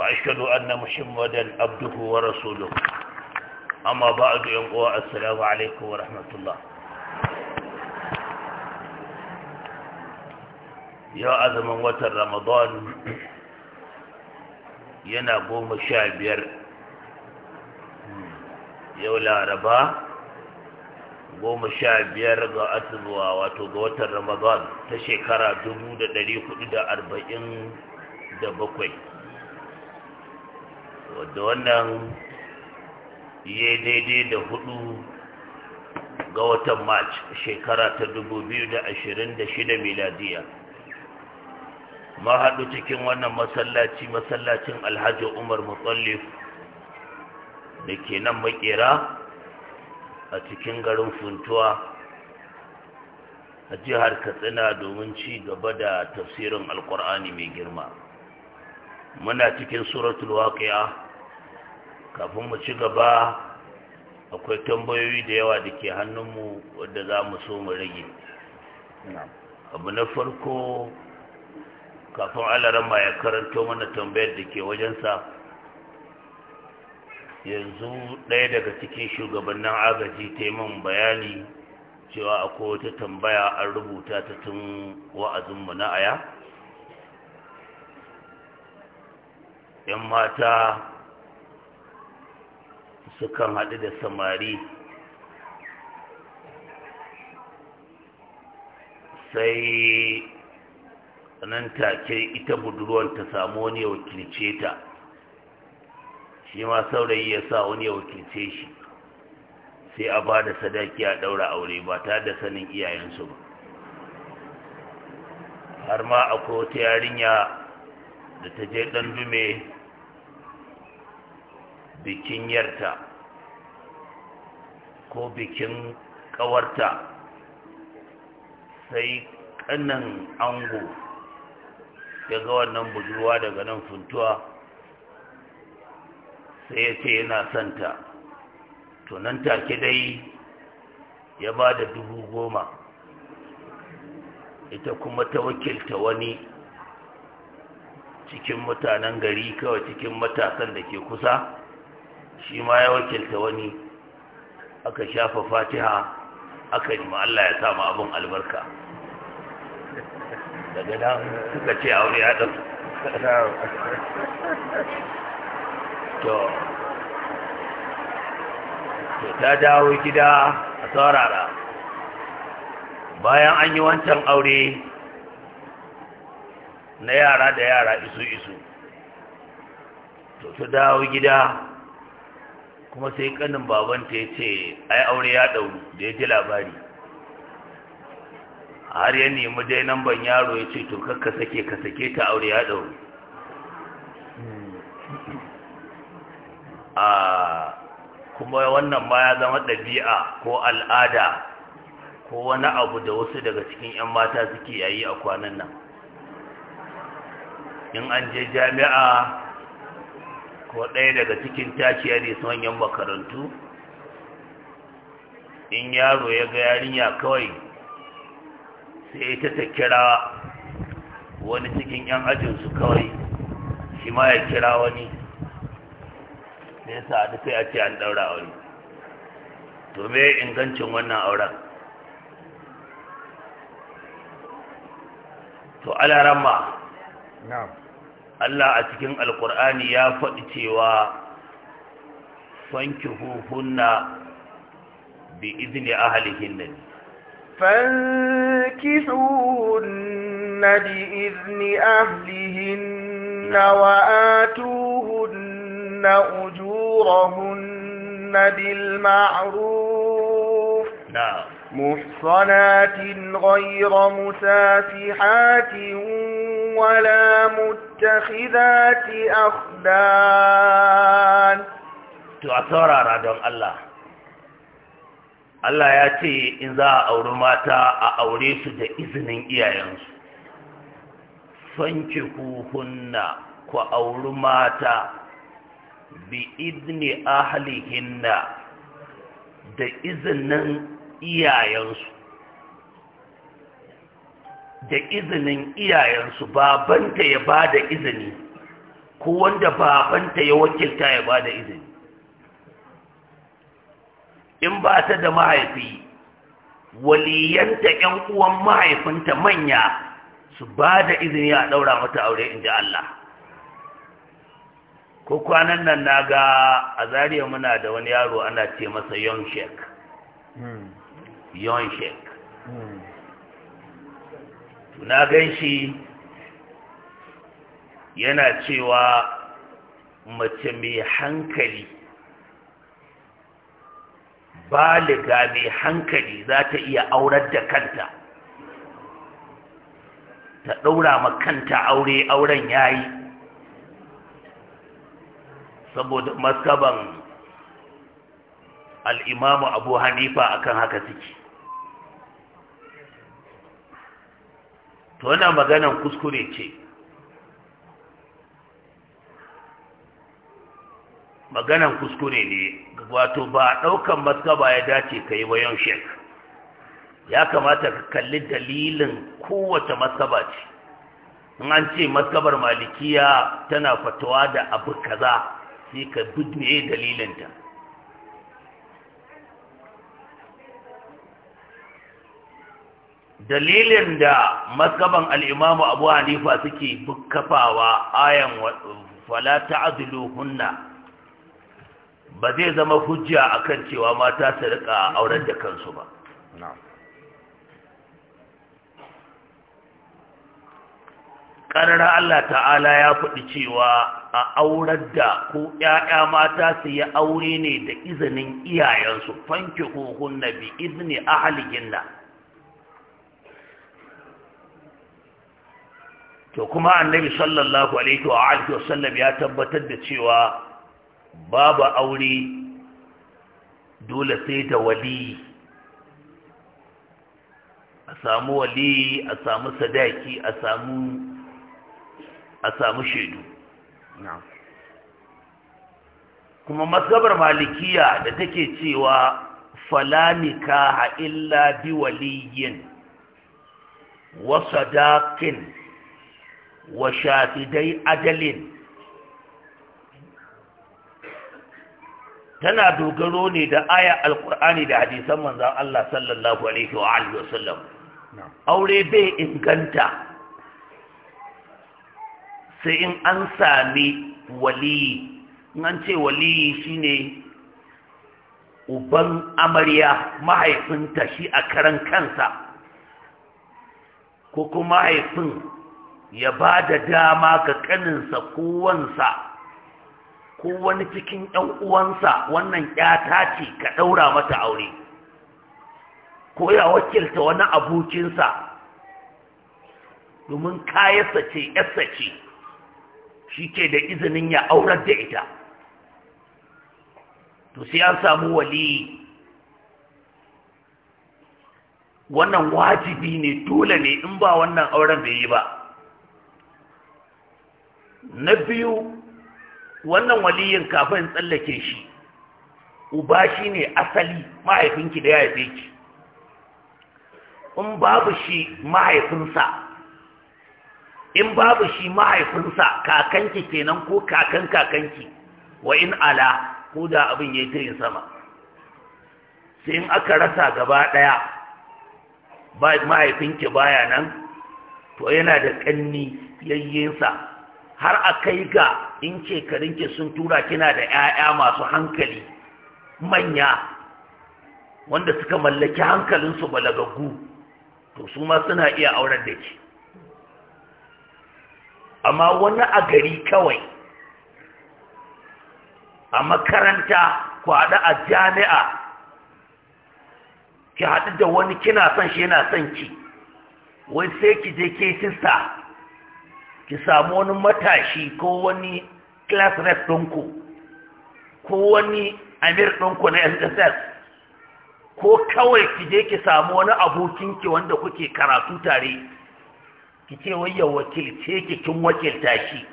وأشهد أن محمدا عبده ورسوله أما بعد ينقوى السلام عليكم ورحمة الله يا أزم وتر رمضان ينا قوم الشابير يولا ربا قوم الشابير قاتلوا وتقوت رمضان تشكر جمود دريق إلى أربعين دبقوي wadda wannan ya daidai da hudu ga watan march shekara ta da da ashirin 2026 miladiya haɗu cikin wannan masallaci masallacin alhaji umar mutsallif da ke nan makera a cikin garin funtuwa a jihar katsina domin ci gaba da tafsirin alkur'ani mai girma muna cikin suratul waqi'a kafin mu ci gaba akwai tambayoyi da yawa da ke hannunmu wadda za mu so mu rage abu na farko kafin alarama ya karanto mana tambayar da ke wajensa yanzu ɗaya daga cikin shugabannin agaji ta yi bayani cewa akwai wata tambaya an rubuta ta tun wa'azinmu na aya 'yan mata sukan haɗu da samari sai nan take ita budurwar ta samu wani ya wakilce ta shi ma saurayi ya sa wani ya wakilce shi sai a ba da sadaki a ɗaura aure ba ta da sanin iyayensu ba har ma akwai wata yarinya da ta je ɗan dume bikin yarta ko bikin ƙawarta sai ƙanan ango ya ga wannan budurwa daga nan funtuwa sai ya ce yana santa tunan take dai ya ba da dubu goma ita kuma ta wakilta wani cikin mutanen gari kawai cikin matasan da ke kusa shi ma ya wakilta wani aka shafa fatiha aka yi Allah ya samu abin albarka daga nan suka ce aure ya ɗan to ta dawo gida a saurara bayan an yi wancan aure na yara da yara isu-isu to ta dawo gida kuma sai kanin babanta ya ce ai aure ya ɗauru da ya ji labari har ya nemi dai nan yaro ya ce to kakka sake ka sake ta aure ya ɗauru a kuma wannan ma ya zama ɗabi'a ko al'ada ko wani abu da wasu daga cikin 'yan mata suke yayi a kwanan nan in an je jami'a ko ɗaya daga cikin taciya ne su manyan makarantu in yaro ya ga yarinya kawai sai ita ta kira wani cikin 'yan ajinsu kawai shi ma ya kira wani sai sa a duka ya ce an ɗaura wani to me ingancin wannan auren to alarama na'am Allah a cikin alkur'ani ya faɗi cewa fanki hunna bi izini a halihin ne fanki hunna bi izini a halihin nawa a tuhunna ujura hunna bilma'aru na musanatin ƙwayar musafi ولا متخذات أخدان تؤثر رادون الله Allah ya ce in za a auri mata a aure su da izinin iyayensu, fanki huhunna ku auri mata bi izini ahalihinna da izinin iyayensu. da izinin iyayensu babanta ya ba da izini ko wanda babanta ya wakilta ya ba da izini in ba ta da mahaifi waliyanta ‘yan uwan mahaifinta manya su ba da izini a ɗaura mata aure in ji Allah ko kwanan nan na ga a zariya muna da wani yaro ana ce masa yon shek hmm. na gan shi yana cewa mace mai hankali baliga mai hankali za ta iya aurar da kanta ta ɗaura ma kanta aure auren ya yi. saboda maskaban al'imamu abu hanifa akan haka suke to wannan maganan kuskure ce maganan kuskure ne wato ba ɗaukan maskaba ya dace ka yi bayan shek ya kamata ka kalli dalilin kowace maskaba ce in an ce maskabar malikiya tana fatawa da abu kaza sai ka bi me dalilinta dalilin da maskaban al'imamu abu hanifa suke kafawa ayan fala ta'adulu hunna ba zai zama hujja akan cewa mata su rika auren da kansu ba ƙarar Allah ta'ala ya faɗi cewa a auren da ko ‘ya'ya mata su yi aure ne da izinin iyayensu fanki na bi izini ahalihin na to kuma annabi sallallahu alaihi wa alihi wasallam ya tabbatar da cewa babu aure dole sai da wali a samu wali a samu sadaki a samu a samu shaidu kuma masabar malikiya da take cewa falanika a illa bi waliyin wa sadakin wa shafidai ajalin tana dogaro ne da aya alkur'ani da hadisan manzan Allah sallallahu alaihi wa alihi wasallam aure bai inganta sai in an sami waliyi in an ce waliyi shine uban amarya mahaifinta shi a karan kansa ko kuma mahaifin ya ba da dama ga kaninsa kowansa ko wani cikin ‘yan uwansa wannan ‘yata ce ka ɗaura mata aure ko ya wakilta wani abokinsa domin kayarsa ce ‘yarsa ce shi ke da izinin ya aurar da ita to sai an samu waliyi wannan wajibi ne dole ne in ba wannan auren bai yi ba na biyu wannan waliyin kafin tsallake shi uba shi ne asali mahaifinki da ya haife ki in babu shi mahaifinsa in babu shi mahaifinsa kakanki kenan ko kakan kakanki wa in ala ko da abin ya yi sama sai in aka rasa gaba ɗaya mahaifinki baya nan to yana da ƙanni yayyensa har a kai ga in shekarunki sun tura kina da 'ya'ya masu hankali manya wanda suka mallaki hankalinsu balagaggu to su ma suna iya auren da ke amma wani a gari kawai a makaranta ku a jami'a ki haɗu da wani kina son shi yana son ki wai sai ki je ke sista ki samu wani matashi ko wani class rep ɗinku ko wani amir ɗinku na sss ko kawai ki je ki samu wani abokinki wanda kuke karatu tare ki ce wai ya wakilce ki kin wakilta shi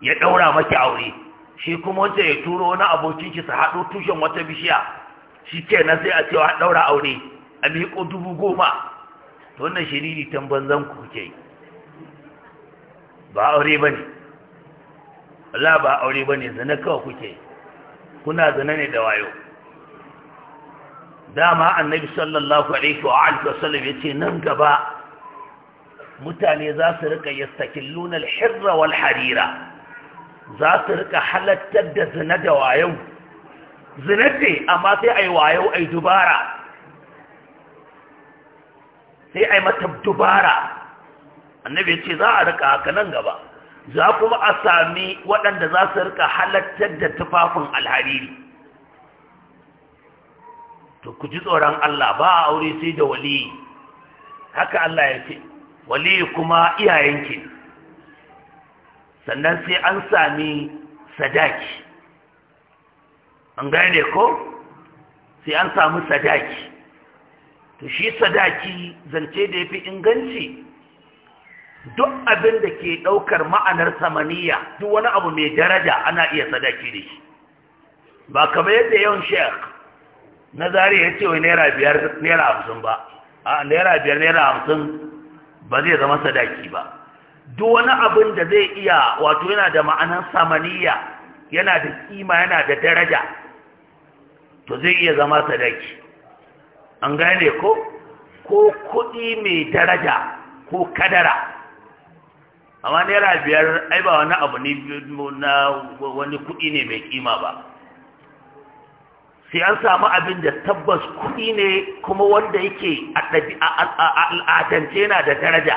ya ɗaura maki aure shi kuma wanda ya turo wani abokinki su haɗo tushen wata bishiya shi ke na sai a cewa ɗaura aure a miƙo dubu goma wannan shiriri tan banzan ku kuke yi ba aure ba ne Allah ba aure ba ne zane kawai kuke kuna zane ne da wayo dama annabi sallallahu alaihi wa alihi wasallam yace nan gaba mutane za su rika yastakilluna al-hirra harira za su rika halattar da zina da wayo zina ce amma sai ai wayo ai dubara sai ai mata dubara annabi ya ce za a rika haka nan gaba za kuma a sami waɗanda za su rika halattar da tufafin alhariri to ku ji tsoron Allah ba a aure sai da wali haka Allah ya ce wali kuma iyayenki sannan sai an sami sadaki an gane ko sai an samu sadaki to shi sadaki zance da ya fi inganci duk abin da ke ɗaukar ma'anar samaniya duk wani abu mai daraja ana iya sadaki da shi ba kamar yadda yawan shek na zari ya ce wai naira biyar naira hamsin ba a naira biyar naira hamsin ba zai zama sadaki ba duk wani abin da zai iya wato yana da ma'anar samaniya yana da kima yana da daraja to zai iya zama sadaki an gane ko ko kuɗi mai daraja ko kadara amma naira biyar ai ba wani abu ne na wani kuɗi ne mai ƙima ba sai an samu abin da tabbas kuɗi ne kuma wanda yake a al'adance yana da daraja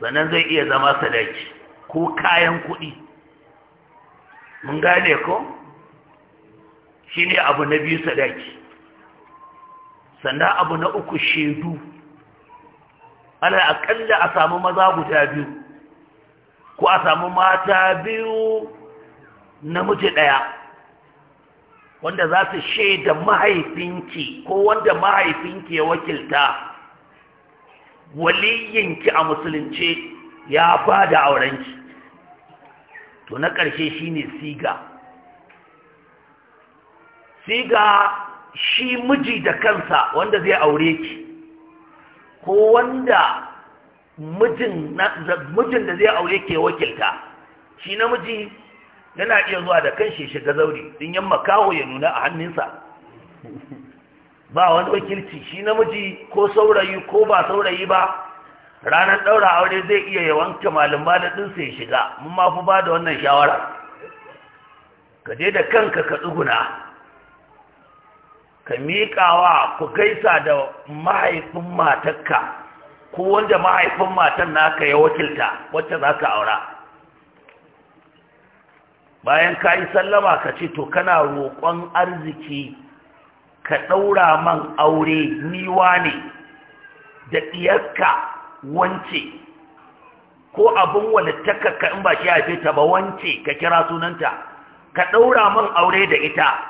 sannan zai iya zama sadaki ko kayan kuɗi mun gane ko shi ne abu na biyu sadaki sannan abu na uku shaidu ana akalla a samu maza guda biyu ko a samu mata biyu namiji ɗaya wanda za su shaida mahaifinki ko wanda mahaifinki ya wakilta waliyinki a Musulunci ya ba da aurenki to na ƙarshe shine siga siga shi miji da kansa wanda zai aure ki ko wanda mijin da zai aure ke wakilta shi namiji yana iya zuwa da kanshi shi shiga zaure din yamma kawo ya nuna a hannunsa ba wani wakilci shi namiji ko saurayi ko ba saurayi ba ranar ɗaura aure zai iya yawan kamalin malin ya shiga mun mafi bada ba da wannan shawara ka je da kanka ka tsuguna ka miƙawa ku gaisa da mahaifin matarka ko wanda mahaifin matan naka ya wakilta wacce za ka aura bayan ka yi sallama ka ce to kana roƙon arziki ka ɗaura man aure niwa ne da ɗiyarka wance ko abin walittakar ka in ba shi haife ta ba wance ka kira sunanta ka ɗaura man aure da ita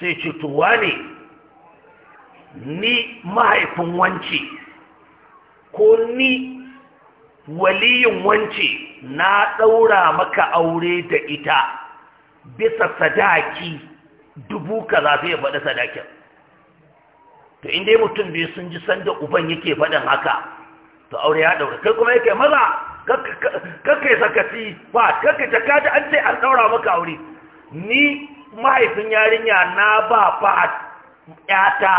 sai ce to wane ni mahaifin wance ko ni waliyin wance na ɗaura maka aure da ita bisa sadaki dubu ka za su yi faɗi sadakin to inda mutum biyu sun ji sanda uban yake faɗin haka to aure ya ɗaura kai kuma yake maza kakai sakasi sakaci ba kakai jaka da an ce an ɗaura maka aure ni mahaifin yarinya na ba fa yata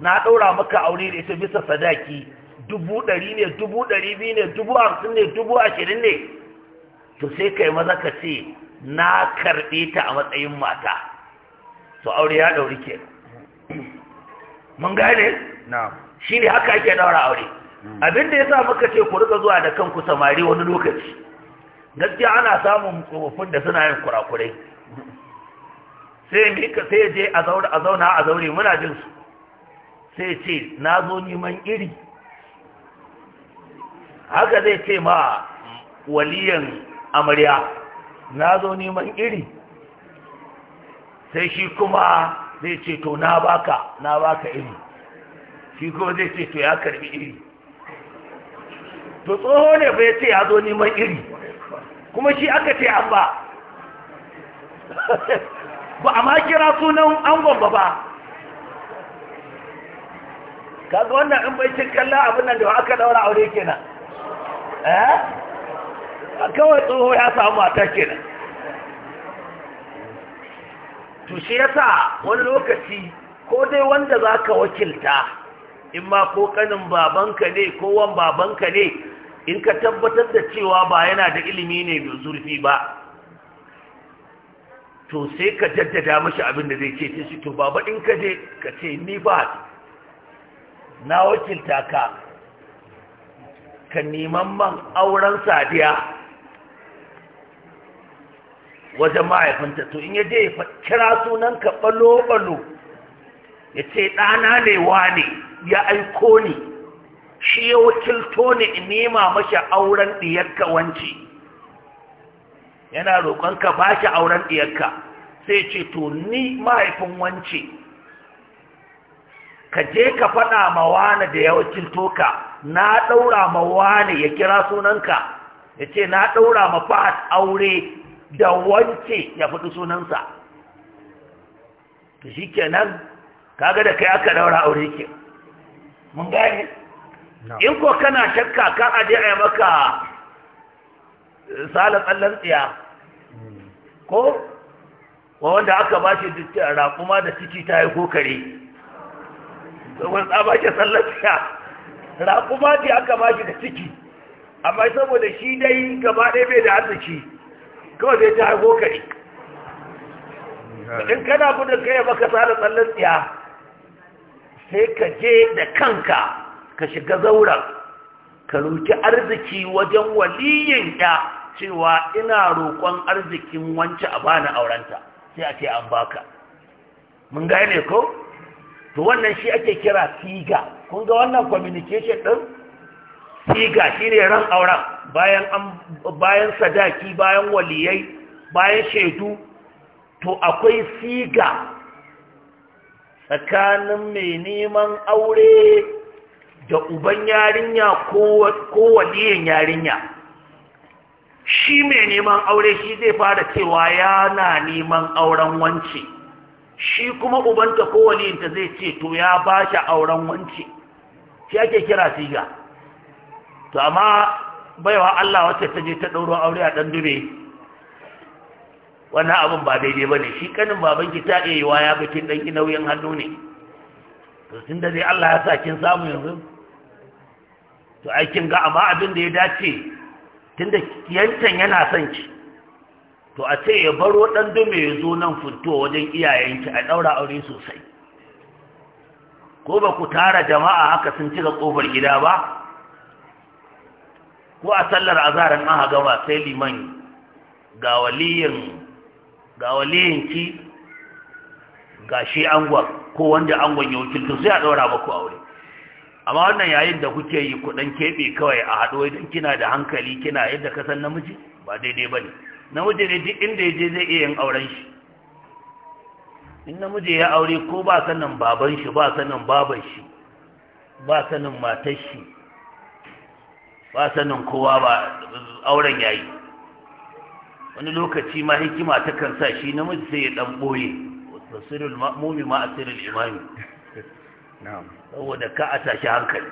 na ɗaura maka aure da ita bisa sadaki dubu ɗari ne dubu ɗari biyu ne dubu hamsin ne dubu ashirin ne to sai kai maza ka ce na karɓe ta a matsayin mata to aure ya ɗauri ke mun gane shi ne haka ake ɗaura aure hmm. Abin da ya sa muka ce ku rika zuwa da kanku samari wani lokaci gaskiya ana samun tsofaffin da suna yin kurakurai sai ka sai je a zauna a zauna a zaure muna jin su sai ce na zo neman iri haka zai ce ma waliyan amarya na zo neman iri sai shi kuma zai ce to na baka na baka iri shi kuma zai ce to ya karbi iri to tsoho ne bai ce ya zo neman iri kuma shi aka ce an ba ba a makira sunan angon ba ba kaga wannan in bai cin kalla abin nan da aka daura aure kenan eh kawai tsoho ya samu mata kenan to shi yasa wani lokaci ko dai wanda za ka wakilta in ma ko kanin babanka ne ko wan babanka ne in ka tabbatar da cewa ba yana da ilimi ne da zurfi ba to sai ka jaddada mashi abin da zai ce ta shi to baba in ka je ka ce ni ba na wakilta ka ka neman man auren sadiya wajen mahaifinta to in ya ya kira sunan ka balo-balo ya ce ɗana ne ne ya aiko ni shi ya wakilto ni in nema mashi auren ɗiyar kawanci yana roƙon ka ba shi auren ɗiyarka sai ce to ni mahaifin wance ka je ka faɗa ma wane da ya wakilto ka na ɗaura ma wane ya kira sunanka ya ce na ɗaura ma fahad aure da wance ya faɗi sunansa da shi kenan kaga da kai aka ɗaura aure ke mun gane in ko kana shakka kan aje a maka sala allan tsiya ko wa wanda aka ba shi raƙuma da ciki ta yi kokare domin tsaba ke tsallan tsiya raƙuma ce aka ba shi da ciki amma saboda shi dai gaba ɗaya bai da arziki kawai zai ta yi kokare in kana gudun kai baka sala tsallan tsiya sai ka je da kanka ka shiga zauren ka roki arziki wajen waliyin ya cewa ina roƙon arzikin wance a bani aurenta sai a ce an baka mun gane ko to wannan shi ake kira siga kun ga wannan communication din siga shine ran auren bayan an bayan sadaki bayan waliyai bayan shaidu to akwai siga tsakanin mai neman aure da uban yarinya ko waliyan yarinya shi mai neman aure shi zai fara cewa yana neman auren wance shi kuma ubanta ko waliyinta zai ce to ya ba shi auren wance shi ake kira siga to amma baiwa Allah wacce ta je ta ɗauro aure a ɗan dube wannan abin ba daidai ba ne shi kanin babanki ta iya wa ya bikin ki nauyin hannu ne to tun da dai Allah ya sa kin samu yanzu to aikin ga amma abin da ya dace tunda yancan yana son ki to a ce ya baro ɗan dume ya zo nan fito wajen iyayenki a ɗaura aure sosai ko ba ku tara jama'a haka sun cika ƙofar gida ba ko a sallar azaran an haga ba sai liman ga waliyin ga waliyin ki ga shi angon ko wanda angon ya wakilta sai a ɗaura maku aure amma wannan yayin da kuke yi kudin keɓe kawai a haɗo idan kina da hankali kina yadda ka san namiji ba daidai ba ne namiji ne duk inda ya je zai iya yin auren shi in namiji ya aure ko ba sanin baban shi ba sanin baban shi ba sanin matar shi ba sanin kowa ba auren yayi wani lokaci ma hikima ta kan sa shi namiji sai ya dan boye wasirul ma'mumi ma asirul imami saboda ka a tashi hankali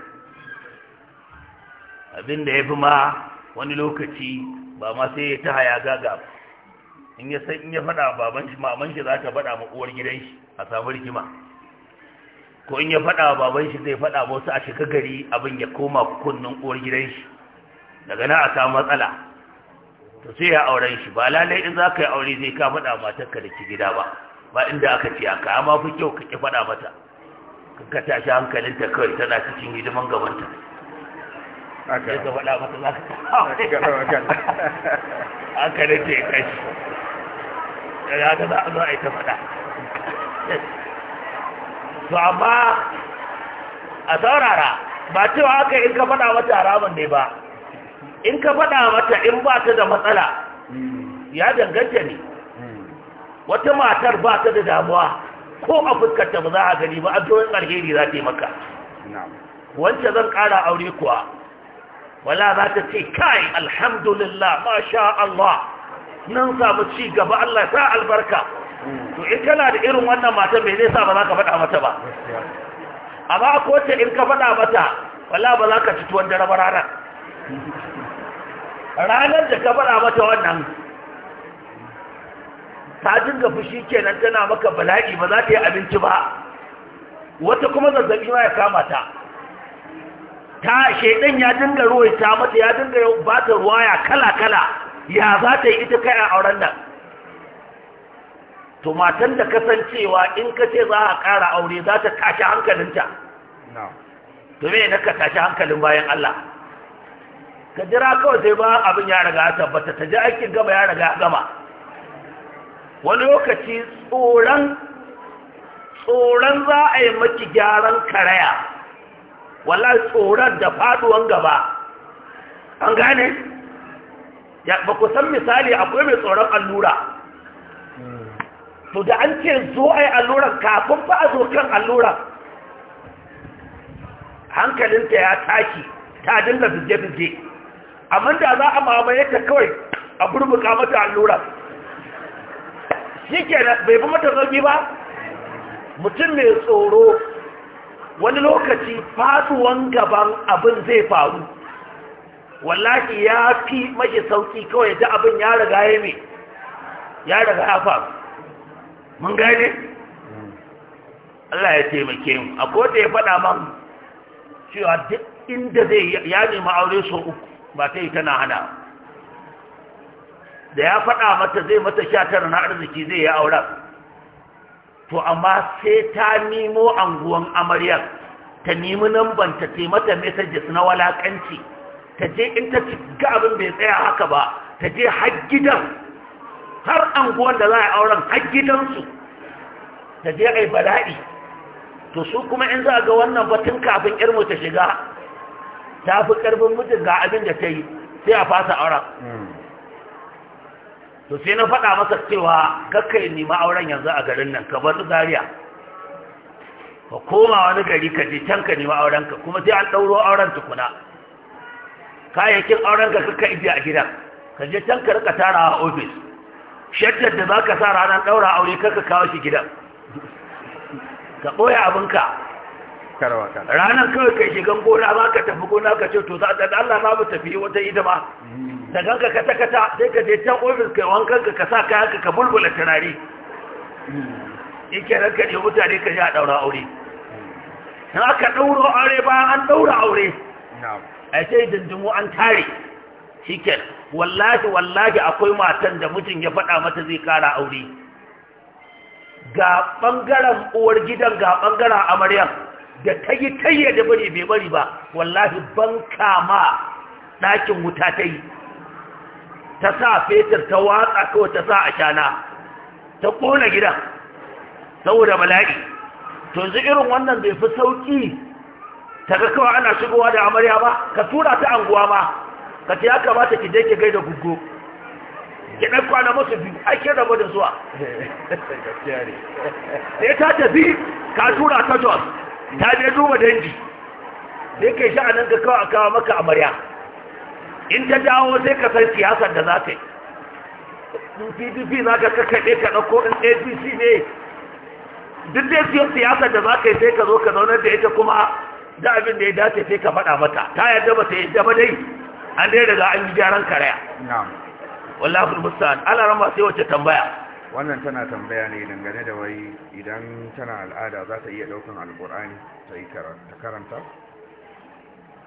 abinda ya fi ma wani lokaci ba ma sai ya ta haya gaga in ya san in ya faɗa baban shi maman shi za ta faɗa ma uwar gidan shi a samu rigima ko in ya faɗa baban shi zai faɗa wasu a shiga gari abin ya koma kunnen uwar gidan shi daga nan a samu matsala to sai ya auren shi ba lalai in za ka yi aure zai ka faɗa matarka da ki gida ba ba inda aka ce aka amma fi kyau ka ki faɗa mata ka tashi hankalinta kawai tana cikin hidiman gabanta ya ka faɗa mata za ka hankalinta ya kashi daga haka za a zo a yi ta faɗa to amma a saurara ba cewa aka in ka faɗa mata haramun ne ba in ka faɗa mata in ba ta da matsala hmm. ya danganta ne hmm. wata matar ba ta da damuwa ko a fuskarta ba za a gani ba addu'o'in alheri za ta yi maka Wancan zan ƙara aure kuwa wala za ta ce kai alhamdulillah masha Allah nan samu ci gaba Allah ta albarka to in kana da irin wannan mata me zai sa ba za ka faɗa mata ba amma ko ce in ka faɗa mata wala ba za ka ci tuwon dare ba ranar ranar da ka faɗa mata wannan ta dinga fushi kenan tana maka bala'i ba za ta yi abinci ba wata kuma zazzabi ma ya kama ta ta shaidan ya dinga ruwa ta mata ya dinga ba ta ruwaya kala-kala ya za ta yi ita kai a auren nan to matan da kasancewa in ka ce za a ƙara aure za ta tashi hankalinta to me na ka tashi hankalin bayan Allah ka jira kawai sai ba abin ya riga ta tabbata ta ji aikin gama ya riga gama wani lokaci tsoron tsoron za a yi maki gyaran karaya wala tsoron da faduwan gaba an gane ba ku san misali akwai mai tsoron allura to da an ce zo a yi alluran kafin ba a zo kan alluran hankalinta ya tashi ta dinga fije-fije amma da za a mamaye ta kawai a burbuka mata alluran shi da, bai fi mata zargi ba mutum mai tsoro wani lokaci fasuwan gaban abin zai faru wallahi ya fi mashi sauki kawai da abin ya riga ya mai ya riga ya faru mun gane Allah ya taimake mu a kowace ya faɗa man cewa duk inda zai ya nema aure so uku ba ta yi tana hana da ya faɗa mata zai mata sha tara na arziki zai yi aura to amma sai ta nemo anguwan amaryar ta nemi nambanta ta mata messages na walakanci ta je in ta ga abin bai tsaya haka ba ta je har gidan har anguwan da za a auren har gidansu ta je a yi bala'i to su kuma in za a ga wannan batun kafin irmu ta shiga ta fi ƙarfin mutum ga abin da ta yi sai a fasa auren hmm. to sai na faɗa masa cewa yi nima auren yanzu a garin nan ka bar zariya ka koma wani gari ka je can ka nima auren kuma sai an ɗauro auren tukuna kayayyakin auren ka kakka ijiya a gidan ka je can ka rika tara a ofis shaddar da za ka sa ranar ɗaura aure kakka kawo shi gidan ka ɓoye abinka karawaka ranar kawai kai shigan gona ba ka tafi gona ka ce to za ta da Allah ba tafi wata ita ba mm. da kanka kata kata sai ka je can ofis kai wankan ka sa kaya ka ka bulbula turare mm. in kenan ka ne mutane ka ja daura aure in aka daura aure bayan an daura aure a ce, dindimu an tare shi wallahi wallahi akwai matan da mutum ya faɗa mata zai kara aure ga ɓangaren uwar gidan ga ɓangaren amaryan da ta yi tayyar da bari bai bari ba wallahi ban kama ɗakin wuta ta yi ta sa fetur ta watsa kawai ta sa a shana ta ƙona gidan saboda bala'i to yanzu irin wannan bai fi sauƙi ta ga kawai ana shigowa da amarya ba ka tura ta anguwa ba. ka ta ya kamata ki je ki gaida gugu ki ɗan kwana masu biyu ake rabu da zuwa sai ta tafi ka tura ta jos ta je duba dangi sai kai sha'anin ka kawo a kawo maka amarya in ta dawo sai ka san siyasar da za ta yi pdp za ka kakaɗe ka ɗauko in apc ne duk dai su siyasar da za ka yi sai ka zo ka zaunar da ita kuma da abin da ya dace sai ka faɗa mata ta yadda ba sai yadda ba dai an dai daga an yi gyaran karaya wallahi musta'an ala rama sai wacce tambaya wannan tana tambaya ne dangane da wai idan tana al'ada za ta iya daukan alkur'ani ta yi karanta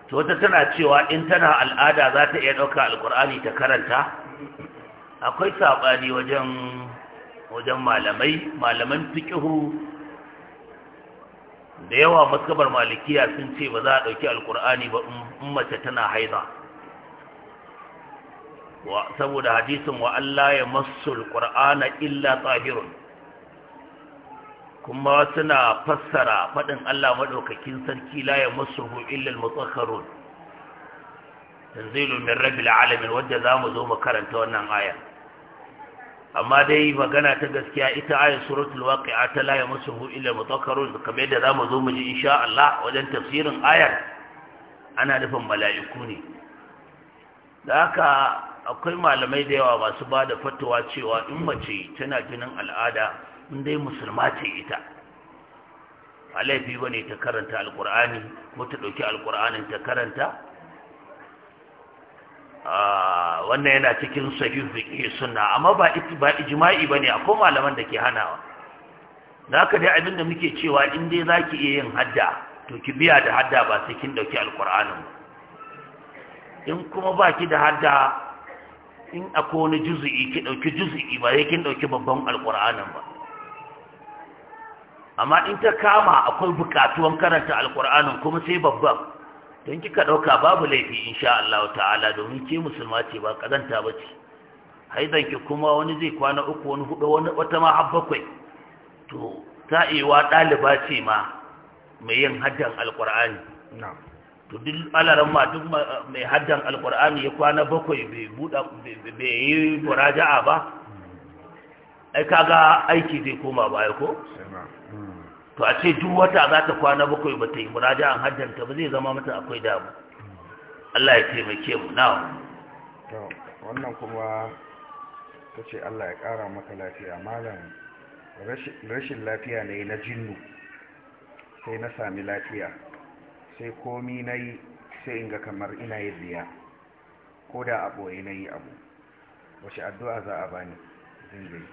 to wata tana cewa in tana al'ada za ta iya daukan alkur'ani ta karanta akwai saɓani wajen wajen malamai malaman fikihu da yawa maskabar malikiya sun ce ba za a ɗauki alkur'ani ba in mace tana haiza saboda hadisin wa Allah ya masul qur'ana illa tsahirun. kuma suna fassara faɗin Allah maɗaukakin sarki la ya masuhu illal mutsakharun tanzilu min rabbil alamin wadda mu zo mu karanta wannan aya amma dai magana ta gaskiya ita aya suratul waqi'a ta la ya masuhu illal da kamar yadda mu zo mu ji insha Allah wajen tafsirin ayar ana nufin mala'iku ne da haka akwai malamai da yawa masu ba da fatawa cewa in mace tana jinin al'ada in dai musulma ce ita a laifi ba ne ta karanta alkur'ani ko ta ɗauki alkur'anin ta karanta wannan yana cikin sahih fiqh sunna amma ba ba ijma'i bane akwai malaman da ke hanawa zaka dai abin da muke cewa in dai zaki iya yin hadda to ki biya da hadda ba sai kin dauki alqur'anin in kuma baki da hadda in akwai wani juzu'i ki ɗauki juzu'i ba ya kin ɗauki babban alƙur'anin ba amma in ta kama akwai buƙatuwan karanta alƙur'anin kuma sai babban don kika ɗauka babu laifi insha Allah ta'ala domin ke musulma ce ba ƙazanta ba ce zan ki kuma wani zai kwana uku wani hudu wani wata ma har bakwai to taiwa ɗaliba ce ma mai yin haddan alƙur'ani to duk alaran ma duk mai haddan alkur'ani ya kwana bakwai bai buɗa bai yi muraja'a ba ai kaga aiki zai koma baya ko to a ce duk wata za ta kwana bakwai ba ta yi muraja'an haddanta ba zai zama mata akwai damu Allah ya taimake mu na wannan kuma ta ce Allah ya ƙara maka lafiya malam rashin lafiya ne na jinnu sai na sami lafiya sai komi na yi sai in ga kamar ina yi riya ko da a na yi abu wasu addu'a za a bani zingayi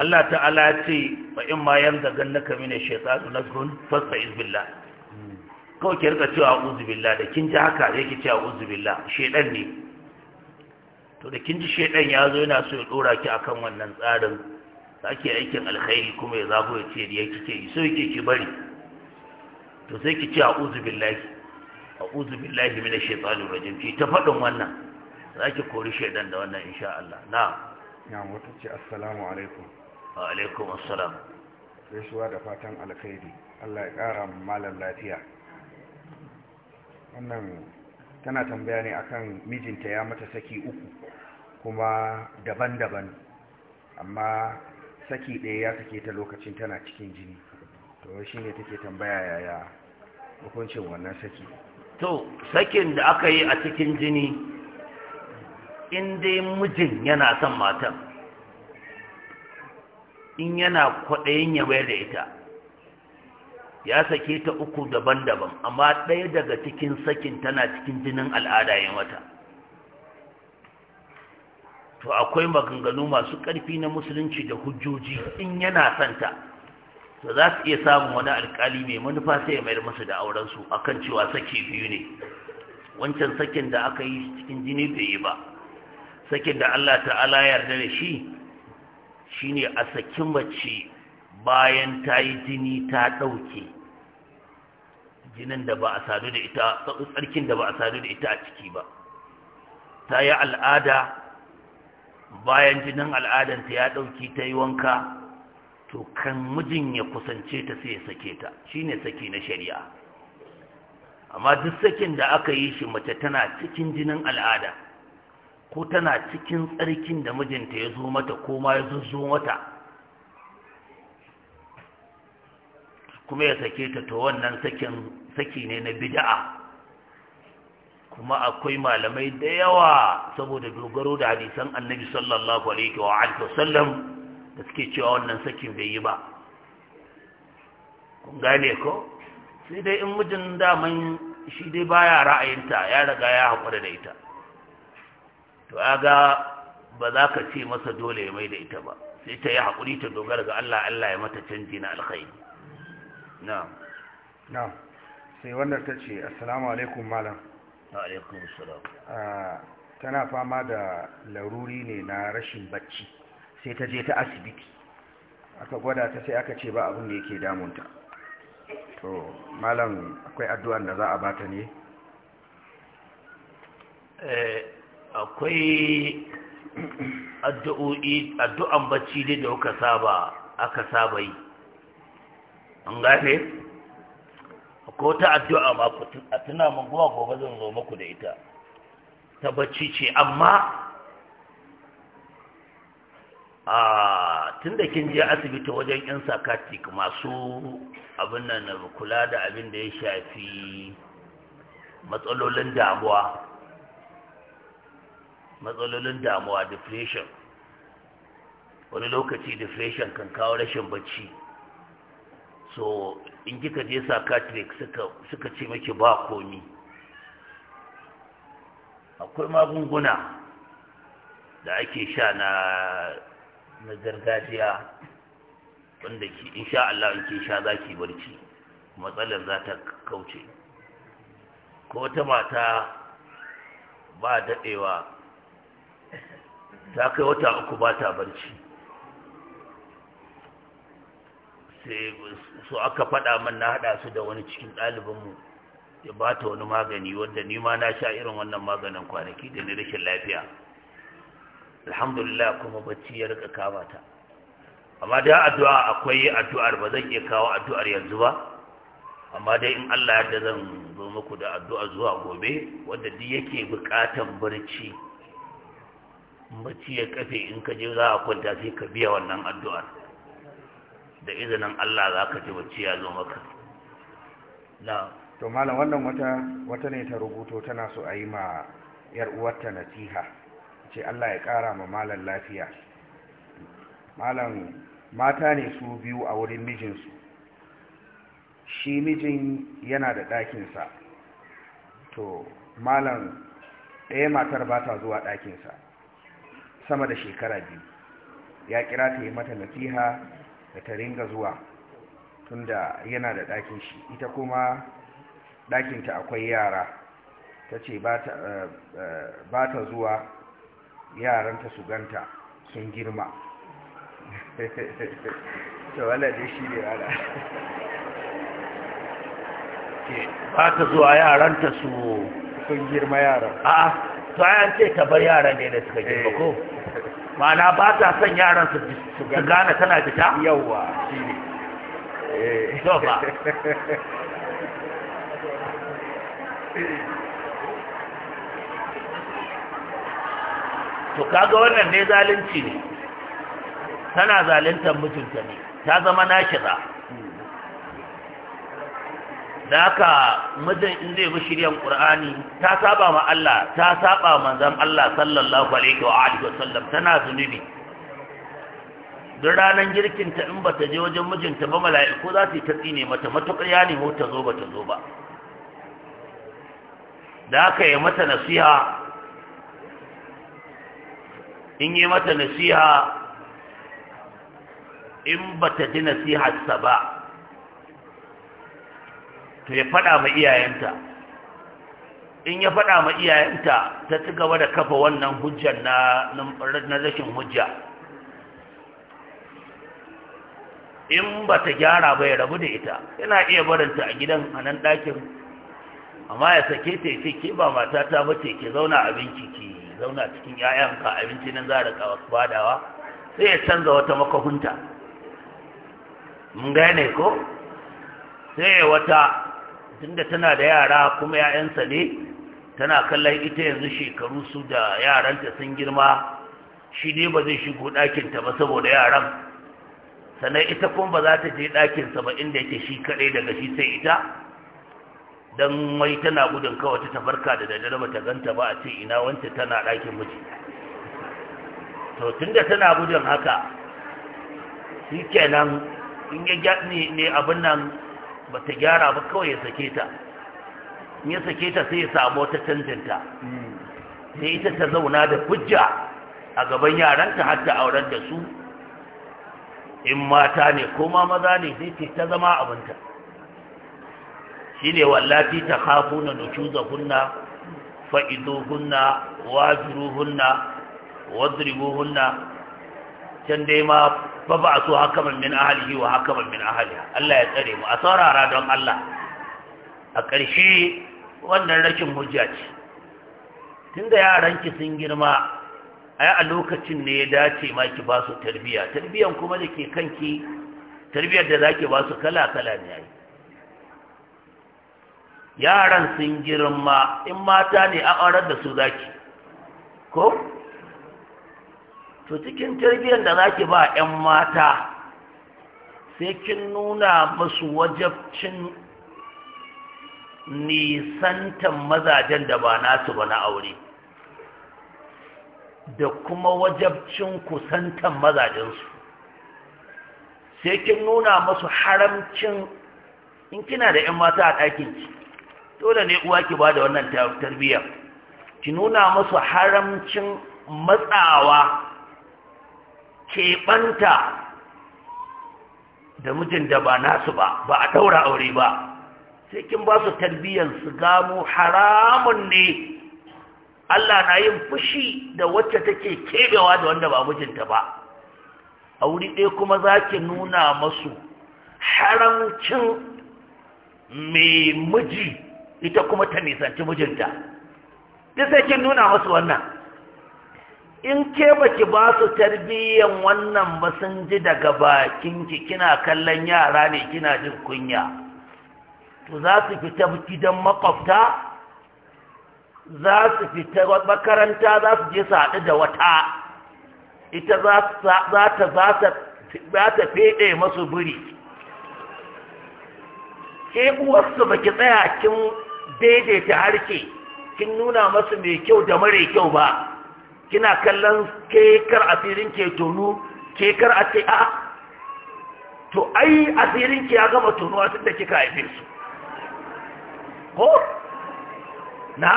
Allah ta'ala ce ba in ma yanzu ne shekaru na nazgun fasfa izbilla hmm. kawai ki rika cewa uzubilla da kin ji haka zai ki cewa uzubilla shedan ne to da kin ji shedan ya zo yana so ya dora ki akan wannan tsarin sake aikin alkhairi kuma ya zago ya ce da yake ke so yake ki bari to sai ki ce a'udhu billahi a'udhu billahi mina shaitanir rajim ki ta faɗin wannan za ki kori shaidan da wannan insha Allah Na na'am wata ce assalamu alaikum wa alaikum assalam gaisuwa da fatan alkhairi Allah ya ƙara malam lafiya wannan tana tambaya ne akan mijinta ya mata saki uku kuma daban-daban amma saki ɗaya ya sake ta lokacin tana cikin jini to shi ne take tambaya yaya hukuncin wannan saki to sakin da aka yi a cikin jini in dai mijin yana son matan in yana kwaɗayin ya bayar da ita ya sake ta uku daban-daban amma ɗaya daga cikin sakin tana cikin jinin al'ada yin wata to akwai maganganu masu ƙarfi na musulunci da hujjoji in yana santa to za su iya samun wani alkali mai manufa sai ya mayar musu da aurensu kan cewa saki biyu ne wancan sakin da aka yi cikin jini bai yi ba sakin da Allah ta'ala yarda da shi shi ne a sakin mace bayan ta yi jini ta ɗauke jinin da ba a sadu da ita tsarkin da ba a sadu da ita a ciki ba ta yi al'ada bayan jinin al'adanta ya ɗauki ta yi wanka to kan mijin ya kusance ta sai ya sake ta shine saki na shari'a amma duk sakin da aka yi shi mace tana cikin jinin al'ada ko tana cikin tsarkin da mijinta ya zo mata ko ma ya zo mata kuma ya sake ta to wannan sakin saki ne na bid'a kuma akwai malamai da yawa saboda dogaro da hadisan annabi sallallahu alaihi wa sallam. da suke cewa wannan sakin bai yi ba kun gane ko sai dai in mijin daman shi dai baya ra'ayinta ya riga ya haƙura da ita to ya ga ba za ka ce masa dole ya mai da ita ba sai ta yi haƙuri ta dogara ga Allah Allah ya mata canji na alkhairi na na sai wanda ta ce assalamu alaikum malam alaikum assalam ah, tana fama da laruri ne na rashin bacci sai ta je ta asibiti aka gwada ta sai aka ce ba abin da yake damunta to malam akwai addu'an da za a bata ne eh, akwai addu'o'i addu'an bacci ne da aka saba aka saba yi an gane ko ta addu'a ma ku a tuna mun gobe zan zo muku da ita ta bacci ce amma a tun da kin je asibiti wajen yan sakatik masu abin nan kula da abin da ya shafi matsalolin damuwa matsalolin damuwa depression wani lokaci depression kan kawo rashin bacci so in kika je sakatik suka ce miki ba komi akwai magunguna da ake sha na na gargajiya wanda ke insha Allah in ke sha za ki barci matsalar za ta kauce ko ta mata ba daɗewa ta kai wata uku ba ta barci sai su aka faɗa man na haɗa su da wani cikin ɗalibinmu ya ba ta wani magani wanda ni ma na sha irin wannan maganin kwanaki da ni rashin lafiya alhamdulillah kuma bacci ya rika kama ta amma da addu'a akwai addu'ar ba zan iya kawo addu'ar yanzu ba amma dai in Allah ya zan zo muku da addu'a zuwa gobe wanda duk yake bukatan barci bacci ya kafe in ka je za a kwanta sai ka biya wannan addu'ar da izinin Allah za ka ji bacci ya zo maka na to malam wannan wata wata ne ta rubuto tana so a yi ma yar uwarta nasiha ce Allah ya ƙara ma malam lafiya malam mata ne su biyu a wurin mijinsu shi mijin yana da ɗakinsa to malam ɗaya matar ba ta zuwa ɗakinsa sama da shekara biyu ya kira ta yi mata nasiha da ta ringa zuwa tunda yana da ɗakin shi ita kuma ɗakinta akwai yara ta ce ba ta eh, eh, zuwa yaranta su ganta sun girma to wala dai shi ne wala ba ta zuwa yaranta su sun girma yaran a'a to ayan ce ta bar yaran ne da suka girma ko eh. mana ba ta son yaran su gane tana fita yawa shi ne to ba to kaga wannan ne zalunci ne tana zaluntar mutunta ne ta zama nashira. da aka mutum in zai bi shiryan qur'ani ta saba ma Allah ta saba manzon Allah sallallahu alaihi wa alihi wasallam tana zunubi duk ranar girkinta in bata je wajen mijinta ba mala'iku za su yi ta tsine mata matuƙar ya nemo ta zo ba ta zo ba da aka yi mata nasiha in yi mata nasiha in ba ta ji nasiharsa ba to ya faɗa ma iyayenta in ya faɗa ma iyayenta ta ci gaba da kafa wannan hujjar na rashin hujja in ba ta gyara ba ya rabu da ita yana iya barinta a gidan a nan ɗakin amma ya sake ta ya ce ke ba matata ta mace ke zauna a binciki. zauna cikin 'ya'yanka abinci nan za da badawa sai ya canza wata makahunta mun gane ko sai wata tunda tana da yara kuma 'ya'yansa ne tana kallon ita yanzu shekaru su da yaranta sun girma shi ne ba zai shigo ɗakinta ba saboda yaran sannan ita kuma ba za ta je ɗakinsa ba inda yake shi kaɗai daga shi sai ita don mai tana gudun kawai ta tafarka da daddare ba ta ganta ba a ce ina wanta tana ɗakin miji to tunda tana gudun haka shi kenan in ya ne abin nan ba ta gyara ba kawai ya sake ta in ya sake ta sai ya samu wata canjinta sai ita ta zauna da hujja a gaban yaranta har ta aurar da su in mata ne ko ma maza ne sai ce ta zama abinta shine wallati takhafuna nujuzahunna fa'iduhunna wajiruhunna hunna can dai ma fa ba a so haka min ahalihi wa haka min ahliha Allah ya tsare mu a saurara don Allah a ƙarshe wannan rashin hujja ce Tun tunda yaranki sun girma yi a lokacin ne ya dace ma ki ba su tarbiyya. Tarbiyyan kuma da ke kanki tarbiyyar da za ki ba su kala kala ne yi. yaran sun girma in mata ne a aurar da su zaki ko to cikin tarbiyyar da zaki ba 'yan mata sai kin nuna musu wajabcin nisantan mazajen da ba nasu ba na aure da kuma wajabcin kusantan mazajensu sai kin nuna musu haramcin in kina da 'yan mata a ɗakinki dole ne uwa ki bada wannan tarbiyya ki nuna musu haramcin matsawa keɓanta da mijin da ba nasu ba ba a ɗaura aure ba sai kin ba su tarbiyyar su gano haramun ne Allah na yin fushi da wacce take kebewa da wanda ba mijinta ba a wuri ɗaya kuma za ki nuna masu haramcin mai miji ita kuma ta nisanci mijinta duk sai kin nuna musu wannan in ke baki ba su tarbiyyan wannan ba sun ji daga bakin ki kina kallon yara ne kina jin kunya to za su fita gidan makwabta za su fita makaranta za su je su haɗu da wata ita za ta za ta feɗe masu biri ke uwarsu baki tsaya kin daidaita harshe kin nuna masu mai kyau da mare kyau ba kina kallon kekar asirin ke tonu kekar a ce a to ai asirin ke ya gama a tun da kika haife su ko na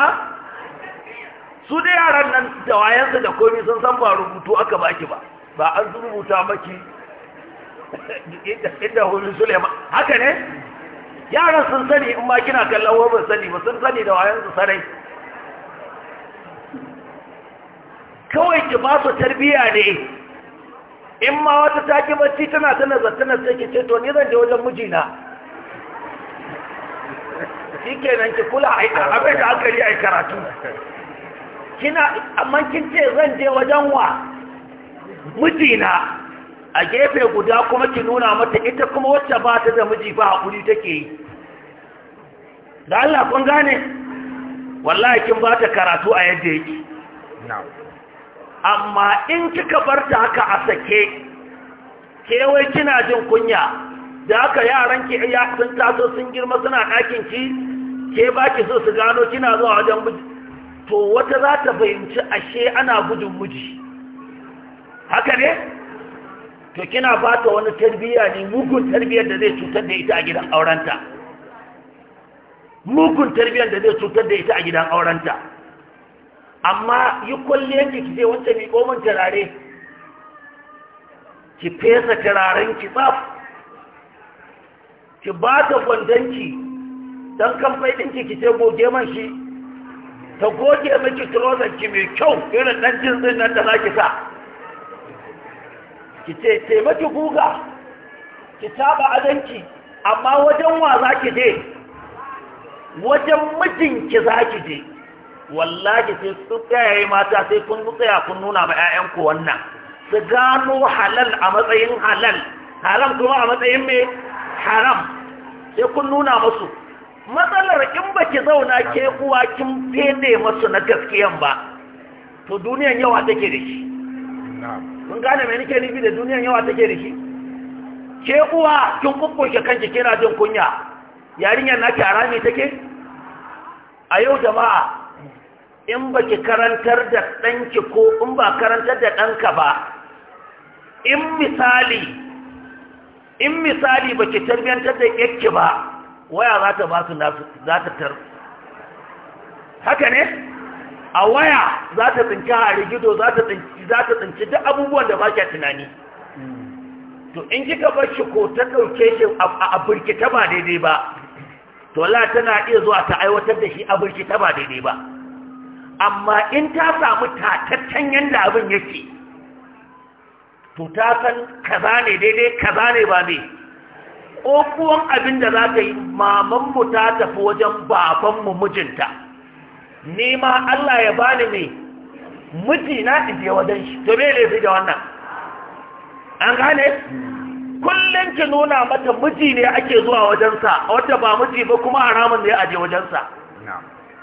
su da yaran nan da wayansu da komi sun san ba rubutu aka baki ba ba an rubuta maki inda hulun suleiman haka ne yaran sun sani in ma kina kallon wani sani ba sun sani da wayan su sarai kawai ki ba su tarbiya ne in ma wata ta ki bacci tana tana zartana sai ki ce to ni zan je wajen mijina shi kenan ki kula abin da aka yi a karatu kina amma kin ce zan je wajen wa mijina a gefe guda kuma ki nuna mata ita kuma wacce ba ta da miji ba haƙuri take yi da Allah kun gane wallahi kin ba ta karatu a yadda yake amma in kika bar ta haka a sake ke wai kina jin kunya da haka yaran ki ya sun taso sun girma suna ɗakin ki ke baki so su gano kina zuwa wajen miji to wata za ta fahimci ashe ana gudun miji haka ne to kina ba ta wani tarbiyya ne mugun tarbiyyar da zai cutar da ita a gidan aurenta mugun tarbiyyar da zai cutar da ita a gidan aurenta amma yi kwalliyar ki sai wacce mai komin turare ki fesa turaren ki tsaf ki ba ta kwandonki don kamfai ɗinki ki ce goge man shi ta goge miki trotsar ki mai kyau irin ɗan jin nan da za ki sa ki ce taimaki guga ki taba adanki amma wajen wa za ki je wajen mijinki za ki je wallahi sai su tsayaye mata sai kun tsaya kun nuna ma 'ya'yanku wannan su gano halal a matsayin halal haram kuma a matsayin mai haram sai kun nuna masu matsalar in ba ki zauna ke uwa kin fene masu na gaskiyan ba to duniyan yawa take da shi mun gane mai nake nufi da duniyan yawa take da shi ke uwa kin kukkushe kanki kina jin kunya yarinyar naki arami take a yau jama'a in baki karantar da ɗanki ko in ba karantar da ɗanka ba in misali in misali baki tarbiyantar da yakki ba waya za ta ba su za ta tar haka ne a waya za ta tsinci rigido za ta tsinci duk abubuwan da ba kya tunani to in kika bar shi ko ta ɗauke shi a birkita ba daidai ba to la tana iya zuwa ta aiwatar da shi a birkita ba daidai ba amma in ta samu tataccen yadda abin yake to ta san kaza ne daidai kaza ne ba ne ƙofuwan abin da za ka yi mamanmu ta tafi wajen babanmu mijinta ni ma Allah ya bani mai miji na ije wajen shi to me laifi da wannan an gane kullum ki nuna mata miji ne ake zuwa wajensa wanda ba miji ba kuma haramun ne aje wajensa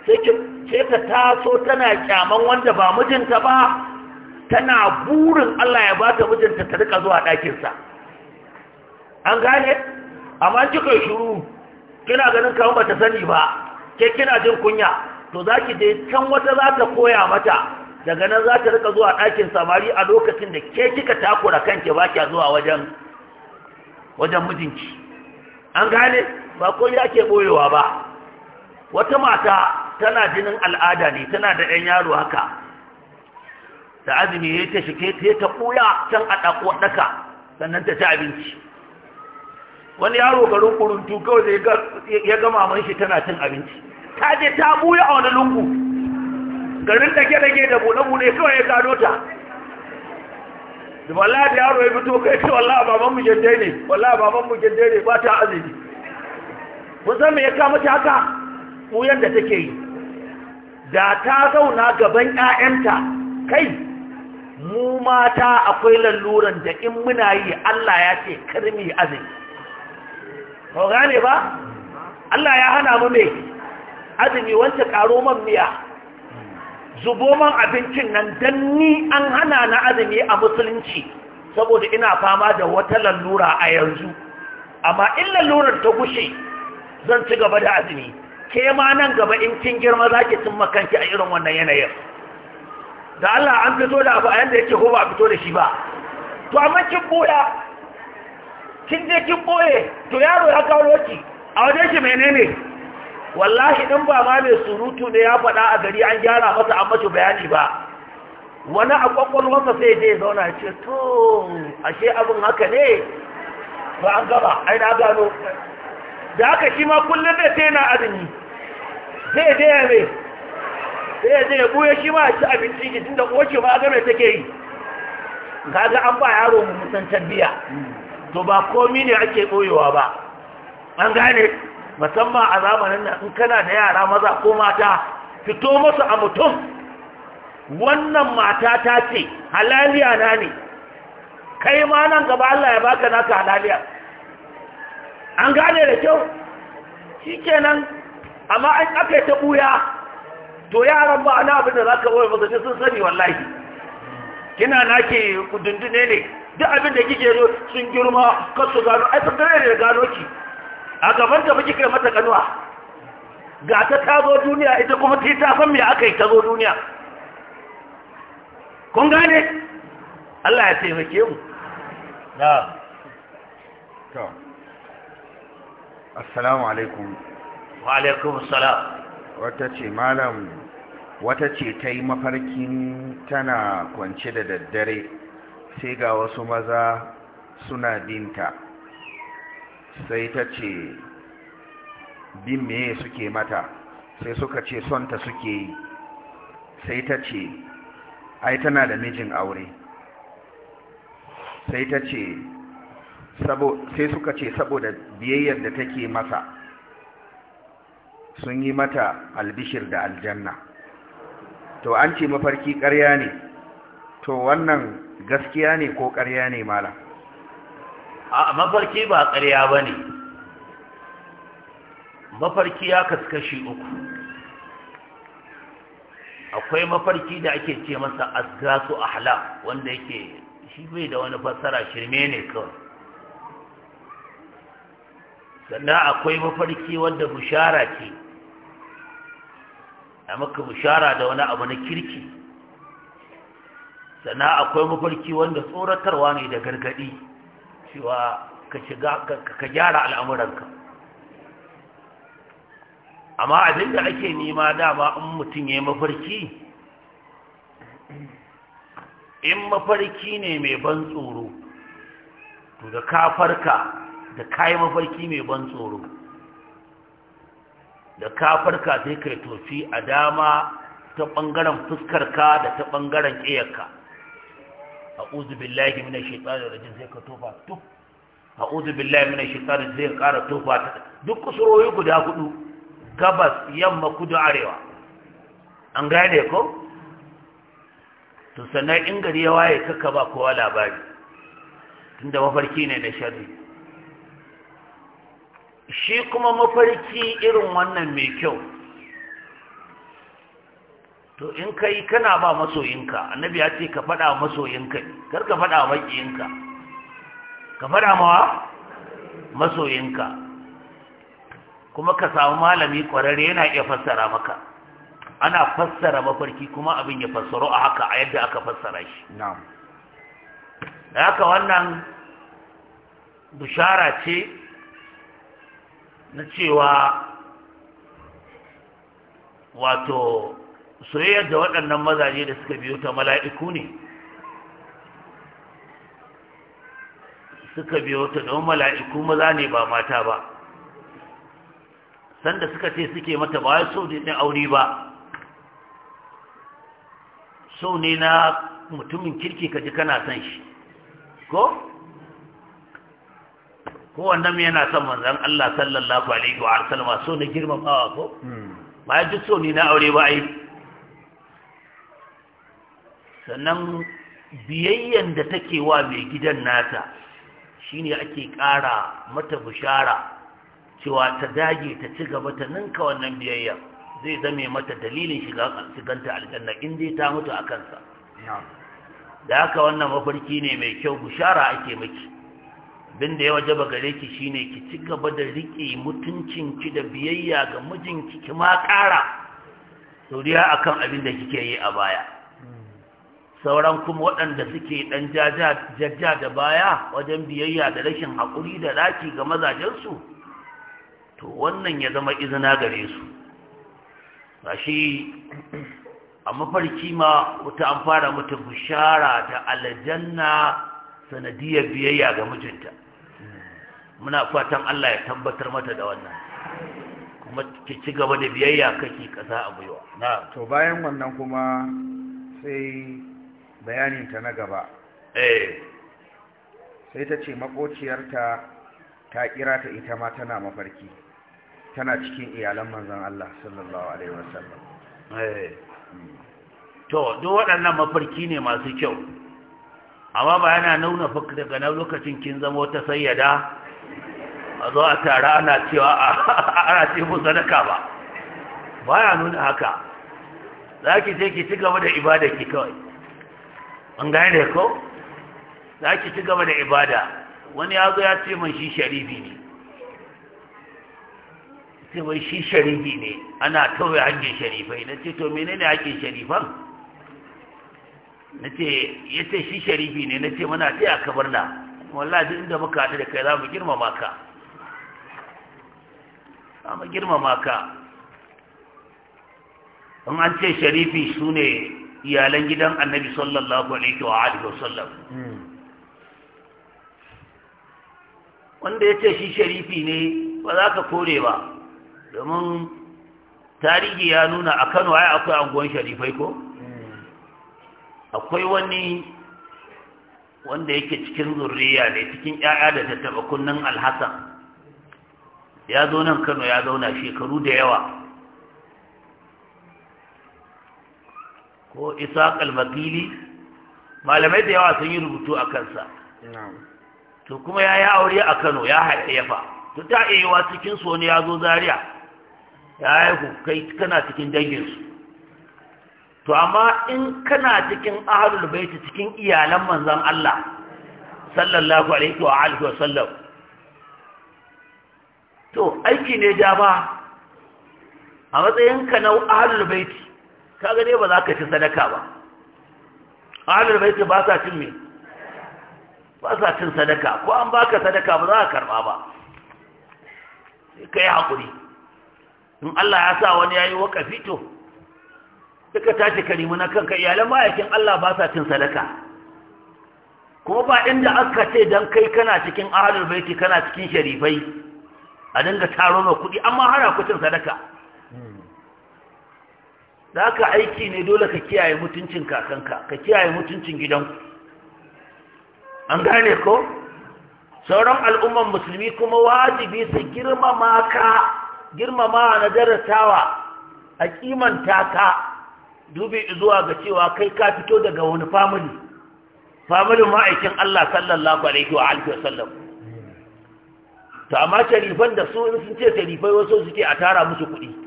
sai ki ce ta taso tana kyaman wanda ba mijinta ba tana burin Allah ya bata mijinta ta rika zuwa ɗakinsa an gane amma kika shiru kina ganin kamar bata sani ba ke kina jin kunya to za ki je can wata za ta koya mata daga nan za ta rika zuwa ɗakin samari a lokacin da ke kika takura kanki ba kya zuwa wajen wajen mijinki an gane ba ko ya ke boyewa ba wata mata tana jinin al'ada ne tana da ɗan yaro haka da azumi ya ta shike ta ta ɓuya can a ɗaƙo ɗaka sannan ta ci abinci wani yaro garin tu kawai ya ga maman shi tana cin abinci kaje ta buya a wani lungu garin dake-dake da bune-bune kawai ya gano ta da da yaro ya fito kai ce wallahi baban mu ne wallahi baban mu ne ba ta azumi mun san ya kama ta haka buyan da take yi da ta zauna gaban ƴaƴanta kai mu mata akwai laluran da in muna yi Allah ya ce karmi azumi ko gane ba Allah ya hana mu me azumi wancan karo man miya zubo man abincin nan dan ni an hana na azumi a musulunci saboda ina fama da wata lallura a yanzu amma in lallurar ta gushe zan ci gaba da azumi ke ma nan gaba in kin girma zaki ki makanki a irin wannan yanayin da Allah an fito da abu a yanda yake ko ba a fito da shi ba to amma kin boya kin je kin boye to yaro ya kawo ki a wajen shi menene wallahi din ba ma mai surutu ne ya faɗa a gari an gyara masa an mace bayani ba wani a kwakwalwarsa sai dai zauna ce to ashe abin haka ne ba an gaba ai na gano da haka shi ma kullum da sai na azumi zai je ya mai sai je ya buya shi ma a ci abinci ki tun da kowace ma game take yi kaga an ba yaro mu musan tarbiya to ba komi ne ake boyewa ba an gane musamman a zamanin nan in kana da yara maza ko mata fito masu a mutum wannan mata ta ce halaliya na ne kai ma nan gaba Allah ya baka naka halaliya an gane da kyau shikenan amma an aka ta buya to yaran ba na abin da zaka wai ba sun sani wallahi kina nake dundune ne duk abin da kike zo sun girma kasu gano ai fa gare da gano ki a gaban gaba kika mata kanuwa ga ta tazo zo duniya ita kuma ta ta san me aka yi ta zo duniya kun gane Allah ya taimake mu na to assalamu alaikum wa alaikum assalam wata ce malam wata ce ta yi mafarkin tana kwance da daddare sai ga wasu maza suna dinta. sai ta ce bin meye suke mata sai suka ce sonta suke yi sai ta ce ai tana da mijin aure sai ta ce sai suka ce saboda biyayyar da take masa sun yi mata albishir da aljanna to an ce mafarki ƙarya ne to wannan gaskiya ne ko ƙarya ne malam a mafarki ba ƙarya ba ne mafarki ya kaskashi uku akwai mafarki da ake ce masa asgasu ahla wanda yake shi bai da wani fassara shirme ne kawai sannan akwai mafarki wanda bushara ce a maka bushara da wani abu na kirki sannan akwai mafarki wanda tsoratarwa ne da gargadi cewa ka shiga ka gyara al'amuranka amma abin da ake nema dama in mutum ya yi mafarki in mafarki ne mai ban tsoro to da ka farka da ka yi mafarki mai ban tsoro da ka farka sai ka yi tofi a dama ta ɓangaren fuskarka da ta ɓangaren ƙiyarka a'udhu billahi minash shaitani rajim sai ka tofa to a'udhu billahi minash ka kara tofa ta duk kusuroyi guda hudu gabas yamma kudu arewa an gane ko to in gari ya waye kaka ba kowa labari tunda mafarki ne na sharri shi kuma mafarki irin wannan mai kyau to in kai kana ba masoyinka annabi ya ce ka faɗa masoyinka kar ka faɗa maƙiyinka ka faɗa mawa masoyinka kuma ka samu malami ƙwararre yana iya fassara maka ana fassara mafarki kuma abin ya fassaro a haka a yadda aka fassara shi da haka wannan bishara ce na cewa wato soyayyar da waɗannan mazaje da suka biyo ta mala'iku ne suka biyo ta don mala'iku maza ne ba mata ba sanda suka ce suke mata ba ya so ne na aure ba so ne na mutumin kirki kaji kana son shi ko? ko wannan yana son manzan Allah sallallahu alaihi wa sallama so na girmamawa ko? Hmm. Ba ya ji so ne na aure ba a yi sannan biyayyan da take wa mai gidan nata shine ake ƙara mata bishara cewa ta dage ta ci gaba ta ninka wannan biyayya zai zame mata dalilin shiganta aljanna in dai ta mutu a kansa da haka wannan mafarki ne mai kyau bishara ake miki bin da ya waje ba gare ki shine ki ci gaba da riƙe ki da biyayya ga mijinki ki ma ƙara sauriya akan abin da kike yi a baya sauran kuma waɗanda suke ɗan jajja da baya wajen biyayya da rashin haƙuri da raki ga mazajensu to wannan ya zama izina gare su shi a mafarki ma wata an fara mutu bishara da aljanna sanadiyar biyayya ga mijinta muna fatan Allah ya tabbatar mata da wannan kuma ki ci gaba da biyayya kake kasa a gwiwa na to bayan wannan kuma sai bayaninta na gaba eh. sai ta ce makociyarta ta kira ta ita ma tana mafarki tana cikin iyalan manzan Allah sallallahu alaihi wasallam eh. to duk waɗannan mafarki ne masu kyau amma ba yana nuna fuka daga na lokacin kin zama ta sayyada a zo a tara ana cewa ana ce mu sadaka ba ba ya nuna haka za ki ce ki ci gaba da ibada ki kawai an gane ko za ki ci gaba da ibada wani ya zo ya ce man shi sharibi ne ce man shi sharibi ne ana tauye hankin sharifai na ce to menene hakin sharifan na ce ya ce shi sharibi ne na ce muna ce a kabarna wallahi inda muka haɗu da kai za mu girmama ka za mu girmama ka in an ce sharifi su ne iyalan gidan annabi sallallahu alaihi wa alihi wasallam hmm. wanda ya ce shi sharifi ne ba za ka kore ba domin tarihi ya nuna a kano ai akwai anguwan sharifai ko hmm. akwai wani wanda yake cikin zurriya ne cikin 'ya'ya da tattaɓa kunnen alhassan ya zo nan kano ya zauna shekaru da yawa ko isaq al malamai da yawa sun yi rubutu a kansa to kuma ya yi aure a kano ya hayayyafa to ta iya cikin su wani ya zo Zariya, ya haihu kai kana cikin danginsu to amma in kana cikin ahalul baiti cikin iyalan manzan Allah sallallahu alaihi wa alihi wa sallam to aiki ne da ba a matsayin ka na ahalul baiti kaga ne ba za ka ci sadaka ba ahlul baiti ba sa cin me ba sa cin sadaka ko an baka sadaka ba za ka karba ba sai kai hakuri in Allah ya sa wani yayi wakafi to duka tashi karimu na kanka iyalan ma'aikin Allah ba sa cin sadaka kuma ba inda aka ce dan kai kana cikin ahlul baiti kana cikin sharifai a dinga taro ma kuɗi amma hana ku cin sadaka da haka aiki ne dole ka kiyaye mutuncin kakanka ka kiyaye mutuncin gidanku an gane ko sauran al'umman musulmi kuma wajibi su girmama ka girmama na daratawa a kimanta ka dubi zuwa ga cewa kai ka fito daga wani famili familin ma'aikin Allah sallallahu alaihi wa alihi wasallam to amma sharifan da su sun ce sharifai wasu suke a tara musu kuɗi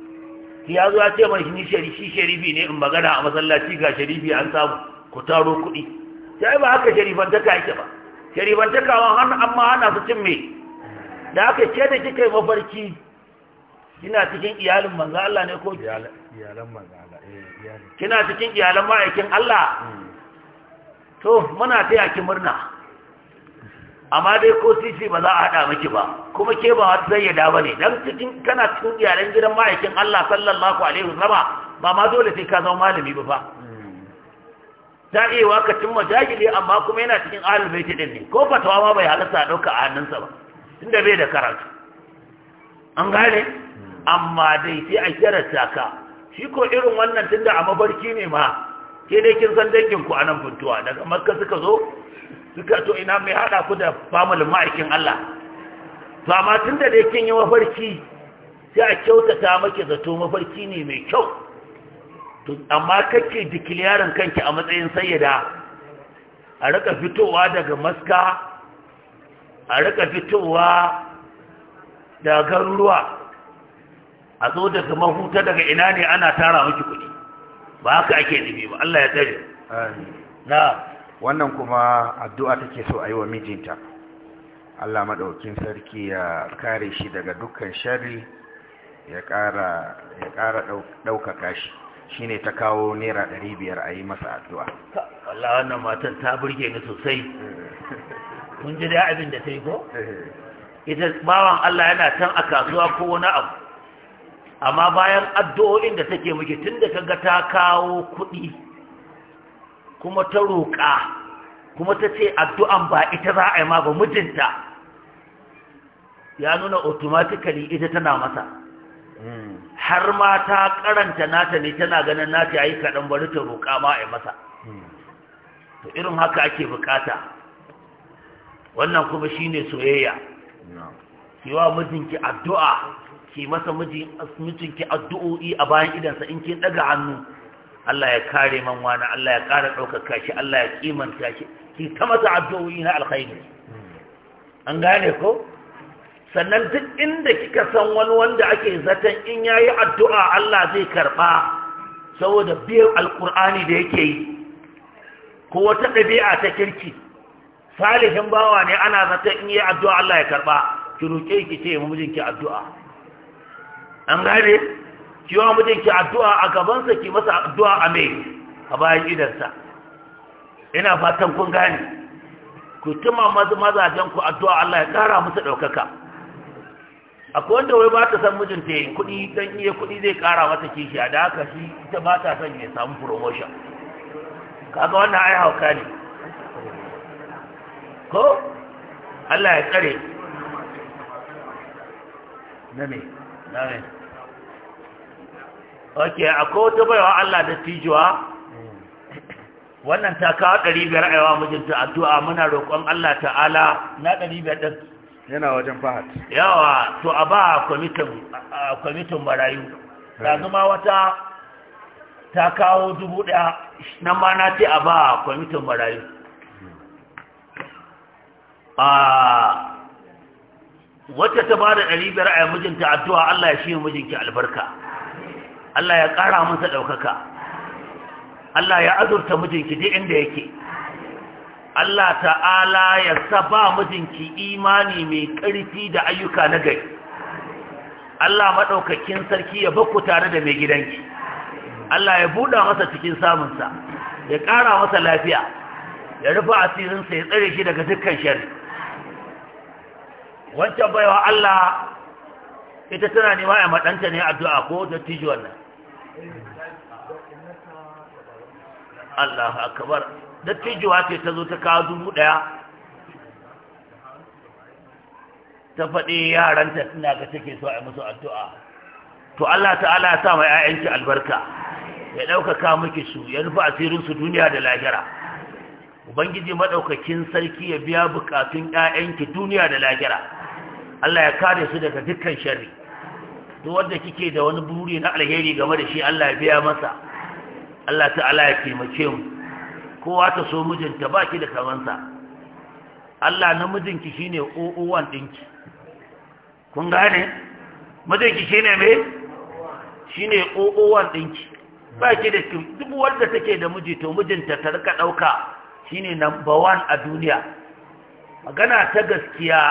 shi ya zo ya ce mai shi shi sharifi ne in magana a masallaci ga sharifi an samu ku taro kuɗi sai ba haka sharifantaka yake ba wa hannu amma hana su cin me da aka ce da kika yi mafarki kina cikin iyalin manzo Allah ne ko iyalan manzo Allah eh iyalin kina cikin iyalan ma'aikin Allah mm. to muna taya ki murna amma dai ko sisi ba za a haɗa miki ba kuma ke ba wata zayyada ba ne don cikin kana cikin yaren gidan ma'aikin Allah sallallahu alaihi wasallama ba ma dole sai ka zama malami ba fa ta iya ka cimma jahili amma kuma yana cikin ahlul baiti din ne ko fatawa ma bai halarta a ɗauka a hannunsa ba tunda bai da karatu an gane amma dai sai a jarata ka shi ko irin wannan tunda a mabarki ne ma ke dai kin san danginku a nan funtuwa daga makka suka zo suka to ina mai haɗa ku da famulin ma'aikin Allah ba ma tun da dai kin yi mafarki sai a kyautata maki zato mafarki ne mai kyau to amma kake dikiliyarin kanki a matsayin sayyada a rika fitowa daga maska a rika fitowa daga garuruwa a zo daga mahuta daga ina ne ana tara miki kuɗi ba haka ake nufi ba Allah ya tsare na wannan kuma addu'a take so a yi wa mijinta Allah maɗaukin sarki ya kare shi daga dukkan shari ya ƙara ɗaukaka shi shi ne ta kawo naira ɗari biyar a yi masa addu'a Allah wannan matan ta burge ni sosai kun ji da abin da ta yi ko? Eh. ita bawan Allah yana can a kasuwa ko wani abu amma bayan addu'o'in da take muke tun da ga ta kawo kuɗi kuma ta roƙa kuma ta ce addu'an ba ita za a yi ma ba mijinta ya nuna automatically ita tana masa har ma ta karanta nata ne tana ganin nata yayi kaɗan bari ta roƙa ma a yi masa to irin haka ake bukata wannan kuma shine soyayya wa mijinki addu'a ki masa mijinki addu'o'i a bayan idansa in kin ɗaga hannu Allah ya kare man wani Allah ya ƙara ɗaukaka shi Allah ya kimanta shi ki ta masa addu'o'i na alkhairi an gane ko sannan duk inda kika san wani wanda ake zaton in yayi addu'a Allah zai karɓa saboda biyan alkur'ani da yake yi ko wata ɗabi'a ta kirki salihin bawa ne ana zaton in yi addu'a Allah ya karɓa ki roƙe ki ce mu mijinki addu'a an gane ki wa mutum ki addu'a a gabansa ki masa addu'a a mai a bayan idansa ina fatan kun gane ku tuma mazajen ku addu'a Allah ya kara musu ɗaukaka akwai wanda wai ba ta san mijinta ya kuɗi dan iya kuɗi zai kara mata kishi a da haka shi ita ba ta son ya samu promotion kaga wannan ai hauka ne ko Allah ya tsare na me na me ok akwai wata baiwa Allah da tijuwa wannan ta kawo ɗari biyar yawa mijinta addu'a muna roƙon Allah ta'ala na ɗari biyar ɗin yana wajen fahad yawa to a ba kwamitin marayu ta zuma wata ta kawo dubu ɗaya nan ma na ce a ba kwamitin marayu wata ta ba da ɗari biyar a mijinta addu'a Allah ya shi mijinki albarka Allah ya ƙara masa ɗaukaka Allah ya azurta mijinki duk inda yake Allah ta'ala ya saba mijinki imani mai ƙarfi da ayyuka na gari Allah maɗaukakin sarki ya bakku tare da mai gidanki Allah ya buɗa masa cikin samunsa ya ƙara masa lafiya ya rufe asirinsa ya tsare shi daga dukkan shari wancan baiwa Allah ita tana nema ya maɗanta ne addu'a ko ta tijuwan nan Allah akabar dattijuwa ce ta zo ta kawo dubu ɗaya ta faɗi yaranta suna ga take so a musu addu'a to Allah ta'ala ya sa mai 'ya'yanki albarka ya ɗaukaka miki su ya asirin su duniya da lahira ubangiji maɗaukakin sarki ya biya bukatun 'ya'yanki duniya da lahira Allah ya kare su daga dukkan sharri duk wanda kike da wani buri na alheri game da shi Allah ya biya masa Allah ta'ala ya taimake mu kowa ta so mijinta baki da kamansa Allah na mijinki shine uwan dinki kun gane mijinki shine me shine uwan dinki baki da duk wanda take da miji to mijinta ta rika dauka shine number 1 a duniya magana ta gaskiya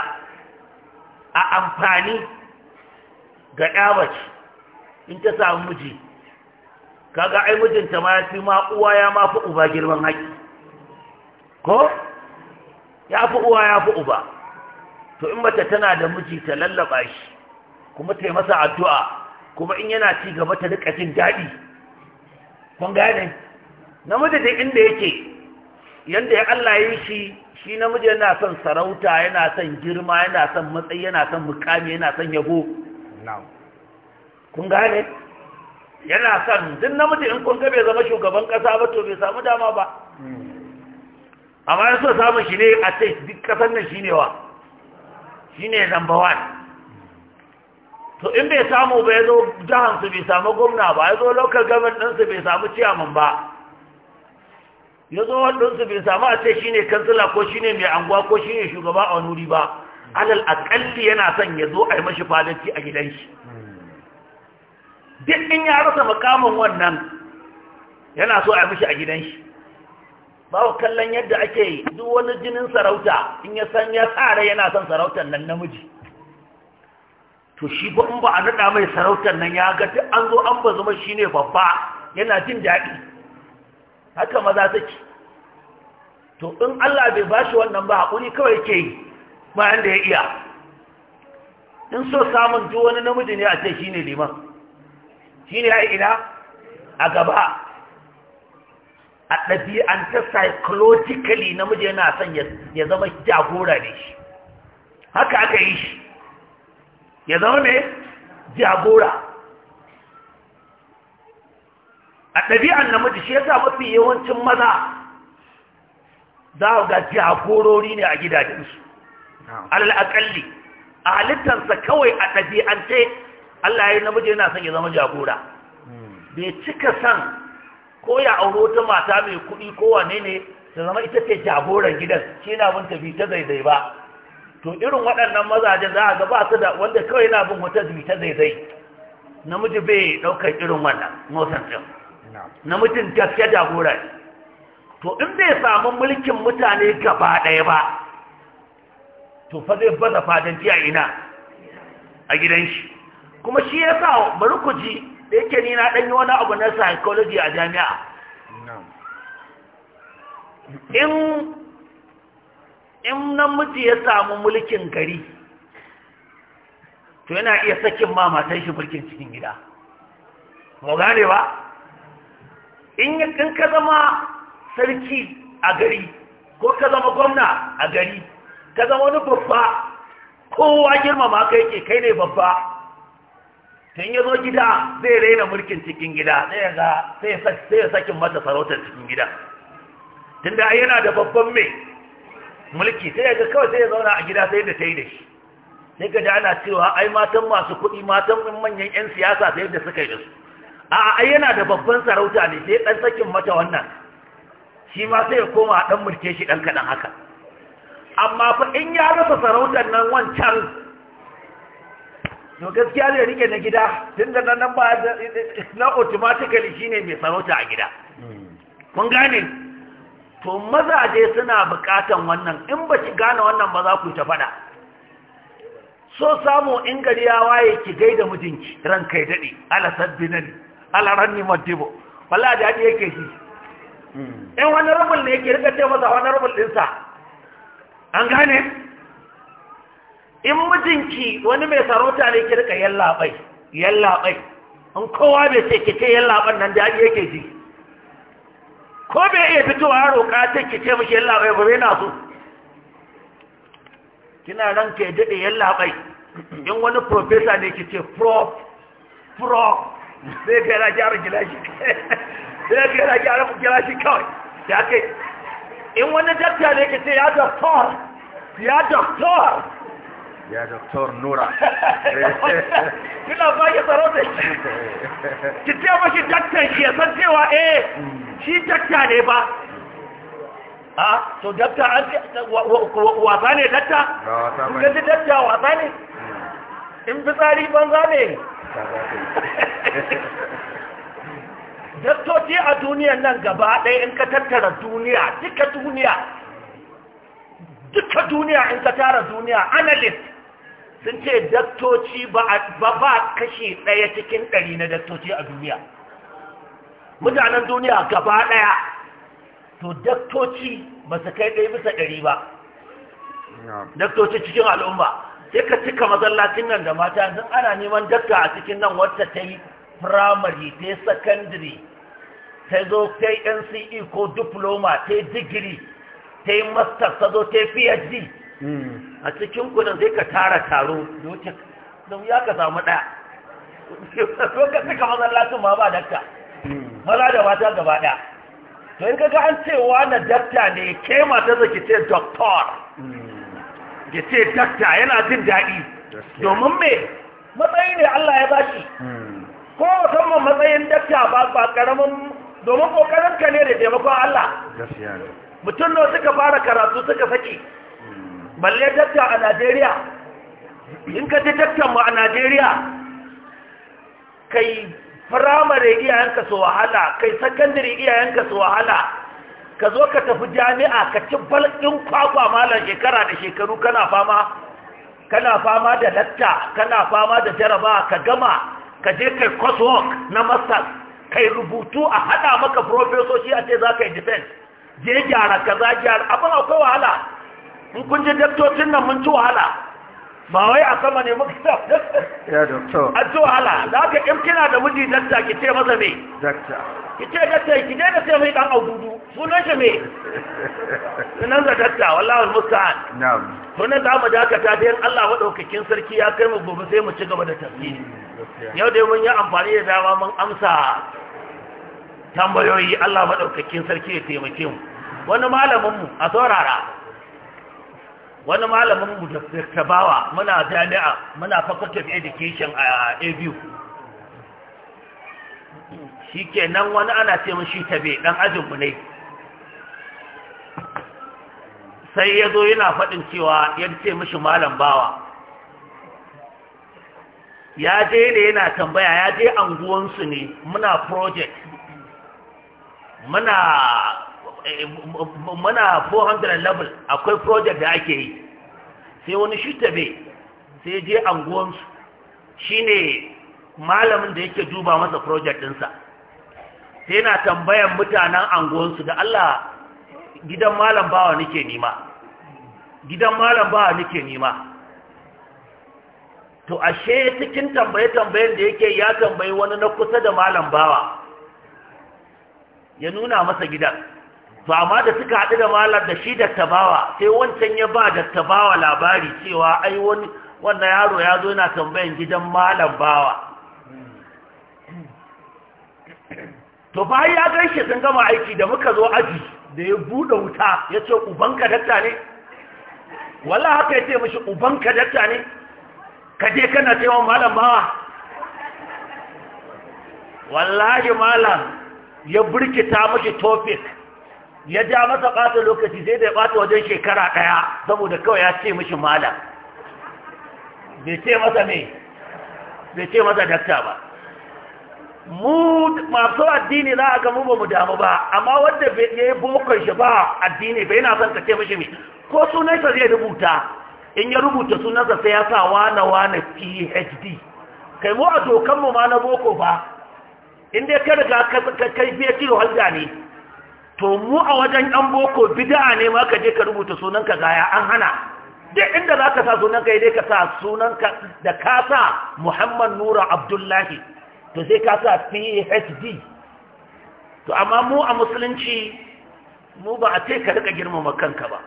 a amfani ga ɗabaci in ta samu miji kaga ai mijinta ma ya fi ma uwa ya ma fi uba girman haƙi ko ya fi uwa ya fi uba to in mace tana da miji ta lallaba shi kuma ta yi masa addu'a kuma in yana ci gaba ta duka jin daɗi kun gane namiji da inda yake yanda ya Allah yi shi shi namiji yana son sarauta yana son girma yana son matsayi yana son mukami yana son yabo na'am kun gane yana son duk namiji in kun ga bai zama shugaban kasa ba to bai samu dama ba amma yaso so samun shi ne a ce duk kasan nan shine wa shine number 1 to in bai samu ba ya zo jihansu bai samu gwamna ba ya zo local government su bai samu ciyaman ba ya zo su bai samu a ce shine kansila ko shine mai anguwa ko shine shugaba a wani ba alal akalli yana son ya zo a yi mashi falanci a gidan shi duk in ya rasa makamin wannan yana so a yi mashi a gidan shi bawa kallon yadda ake yi duk wani jinin sarauta in ya san ya tsara yana son sarautar nan namiji to shi ba in ba a naɗa mai sarautar nan ya ga duk an zo an ba zama shi ne babba yana jin daɗi haka maza take to in Allah bai bashi wannan ba haƙuri kawai ke yi bayan da ya iya in so samun ji wani namiji ne a ce shi ne liman shine ya ina a gaba a ɗabi'anta psychologically namiji yana son ya zama jagora ne shi haka aka yi shi ya zama ne jagora a ɗabi'an namiji shi ya sa mafi yawancin maza za ga jagorori ne a gidajensu alal akalli a halittarsa kawai a ɗabi'ance Allah ya yi namiji yana son ya zama jagora bai cika san ko ya auro ta mata mai kuɗi ko wane ne ta zama ita ce jagoran gidan shi na bin tafi ta zaizai ba to irin waɗannan mazajen za a ga ba su da wanda kawai yana bin wata tafi ta zaizai namiji bai ɗaukar irin wannan nosan ɗin namijin gaske jagora ne to in bai samu mulkin mutane gaba ɗaya ba to fa zai baza fadanci a ina a gidan shi kuma shi ya sa bari ku ji da yake ni na ɗanyi wani abu na psychology a jami'a in in namiji ya samu mulkin gari to yana iya sakin ma matan shi mulkin cikin gida mu gane ba in ka zama sarki a gari ko ka zama gwamna a gari ka zama wani babba kowa girmama ka yake kai ne babba tun ya zo gida zai raina mulkin cikin gida sai sai ya sakin mata sarautar cikin gida tun da yana da babban mai mulki sai ya ga kawai sai ya zauna a gida sai da ta yi da shi sai ka ji ana cewa ai matan masu kuɗi matan manyan 'yan siyasa sai da suka yi da su a ai yana da babban sarauta ne sai ɗan sakin mata wannan shi ma sai ya koma ɗan mulke shi ɗan kaɗan haka amma fa in ya rasa sarautar nan wancan to gaskiya zai rike na gida tun da nan ba na automatically shine mai sarauta a gida kun gane to mazaje suna bukatan wannan in ba ki gane wannan ba za ku ta fada so samu in gari ya waye ki gaida mijinki ran kai dade ala sabbinani ala ranni madibo wallahi da yake shi hmm. in wani rubul ne yake rika ce masa wani rubul din sa an gane in mijinki wani mai sarauta ne ke rika yallaɓai yallaɓai in kowa bai ce ki ce yallaɓan nan da yake ji ko bai iya fitowa a roƙa ta ki ce mashi yallaɓai ba bai na so kina ran ke daɗe yallaɓai in wani profesa ne ki ce prof prof zai kai na gyara gilashi zai kai na gyara gilashi kawai da kai in wani dakta ne ke ce ya doctor ya doktor ya doktor nura kina ba ki tsaro da shi ki ce mashi daktar ki ya san cewa eh shi dakta ne ba Ha? to dakta an wasa ne dakta ga ji dakta wasa ne in fitsari banza ne daktoci a duniyan nan gaba ɗaya in ka tattara duniya duka duniya duka duniya in ka tara duniya analyst sun ce daktoci ba ba kashi ɗaya cikin ɗari na daktoci a duniya mutanen duniya gaba ɗaya to daktoci ba su kai ɗaya bisa ɗari ba daktoci cikin al'umma sai ka cika masallacin nan da mata sun ana neman dakta a cikin nan wata ta yi firamare ta yi sakandare ta zo ta yi nce ko diploma ta yi digiri ta yi masters ta zo ta yi phd hmm. a cikin kudin zai ka tara taro don ya ka samu ɗaya lokacin ka masallacin ma ba dakta hmm. maza da mata gaba ɗaya to in kaga an cewa na dakta ne ke mata ki ce doktor hmm. Ki ce dakta yana jin daɗi domin me matsayi ne Allah ya bashi ko musamman matsayin dakta ba ƙaramin domin ƙoƙarin ka ne da taimakon Allah mutum nawa suka fara karatu suka saki balle dakta a najeriya in ka ji daktan mu a najeriya kai firamare iyayenka su wahala kai sakandare iyayenka su wahala ka zo ka tafi jami'a ka ci balɗin kwakwa malar shekara da shekaru kana fama kana fama da latta kana fama da jaraba ka gama ka je kai coursework na masters kai rubutu a haɗa maka profesoshi a ce za ka yi defense je gyara kaza gyara abin akwai wahala in kun ji daktocin nan mun ci wahala ba wai a sama ne muka sa ya doktor a ci wahala da haka in kina da miji dakta ki ce masa me dakta ki ce dakta ki daina sai mai dan abudu sunan shi me sunan da dakta wallahi musta'an na'am sunan da mu dakata ta dai Allah madaukakin sarki ya kai mu gobe sai mu ci gaba da tafsiri mm, yau dai mun yi amfani da dama mun amsa tambayoyi Allah maɗaukakin sarki ya taimake mu wani malaminmu a saurara wani malaminmu da tabawa muna jami'a muna faculty of education a abu shi ke nan wani ana ce shi tabe ɗan ajinmu ne sai ya zo yana faɗin cewa ya ce mishi malam bawa ya je ne yana tambaya ya je anguwansu ne muna project muna muna 400 level akwai project da ake yi sai wani shitabe sai je anguwansu shine malamin da yake duba masa project ɗinsa sai na tambayan mutanen anguwansu da Allah gidan malam bawa nake nima gidan malam bawa nake nima to ashe cikin tambaye-tambayen da yake ya tambayi wani na kusa da malam bawa ya nuna masa gidan to amma da suka haɗu da malar da shi dattabawa sai wancan ya ba dattabawa labari cewa ai wani wannan yaro ya zo yana tambayan gidan malam bawa to bayan ya gan shi sun gama aiki da muka zo aji da ya buɗe wuta ya ce ubanka datta ne wala haka ya ce mashi ubanka datta ne ka je kana cewa malam bawa wallahi malam ya burkita mashi topic ya ja masa ƙasa lokaci zai da ya ɓata wajen shekara ɗaya saboda kawai ya ce mashi malam bai ce masa me bai ce masa dakta ba mu masu addini za a ga mu ba mu damu ba amma wanda ya yi bokon shi ba addini bai na son ka ce mashi ne. ko sunansa zai rubuta in ya rubuta sunansa sai ya sa wane wane phd kai mu a mu ma na boko ba in dai ka riga ka kai fiye halda ne to mu a wajen yan boko bid'a ne ma ka je ka rubuta sunanka gaya an hana duk inda za ka sa sunanka ya dai ka sa sunanka da ka sa muhammad nura abdullahi to sai ka sa phd to amma mu a musulunci mu ba a ce ka rika girmama kanka ba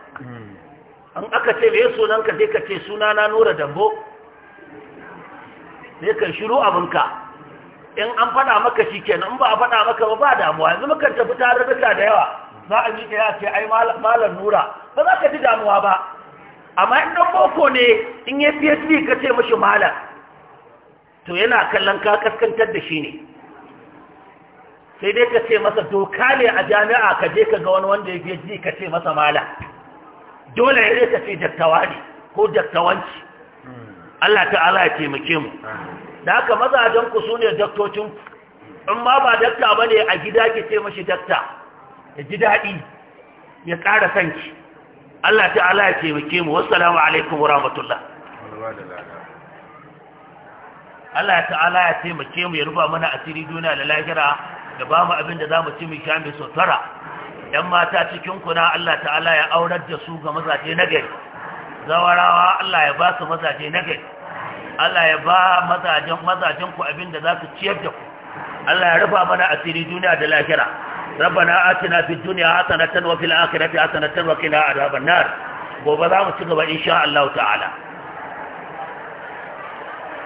an aka ce me sunanka sai ka ce sunana nura dambo sai ka shiru abinka in an faɗa maka shi kenan in ba a faɗa maka ba ba damuwa yanzu mukan tafi tarurruka da yawa za a miƙa ya ce ai malam nura ba za ka ji damuwa ba amma in dan boko ne in ya su ka ce mashi malam to yana kallon ka kaskantar da shi ne sai dai ka ce masa doka ne a jami'a ka je ka ga wani wanda ya phd ka ce masa malam dole ya ka ce dattawa ne ko dattawanci hmm. Allah ta'ala ya taimake mu da haka mazajen ku su ne daktocin in ma ba dakta ba ne a gida ki ce mashi dakta ya ji daɗi ya ƙara sanki Allah ta'ala ya taimake mu wassalamu alaikum wa rahmatullah Allah ala ya taimake mu ya rufa mana asiri duniya da lahira da ba mu abin da za mu ci mu sha mai sotara ‘yan mata cikin kuna Allah ta'ala ya aurar da su ga mazaje na gari zawarawa Allah ya ba su mazaje na gari Allah ya ba mazajen mazajen ku abin da za su ciyar da ku Allah ya rufa mana asiri duniya da lahira rabbana atina fid dunya hasanatan wa fil akhirati hasanatan wa qina adhaban nar gobe za mu ci gaba insha Allah ta'ala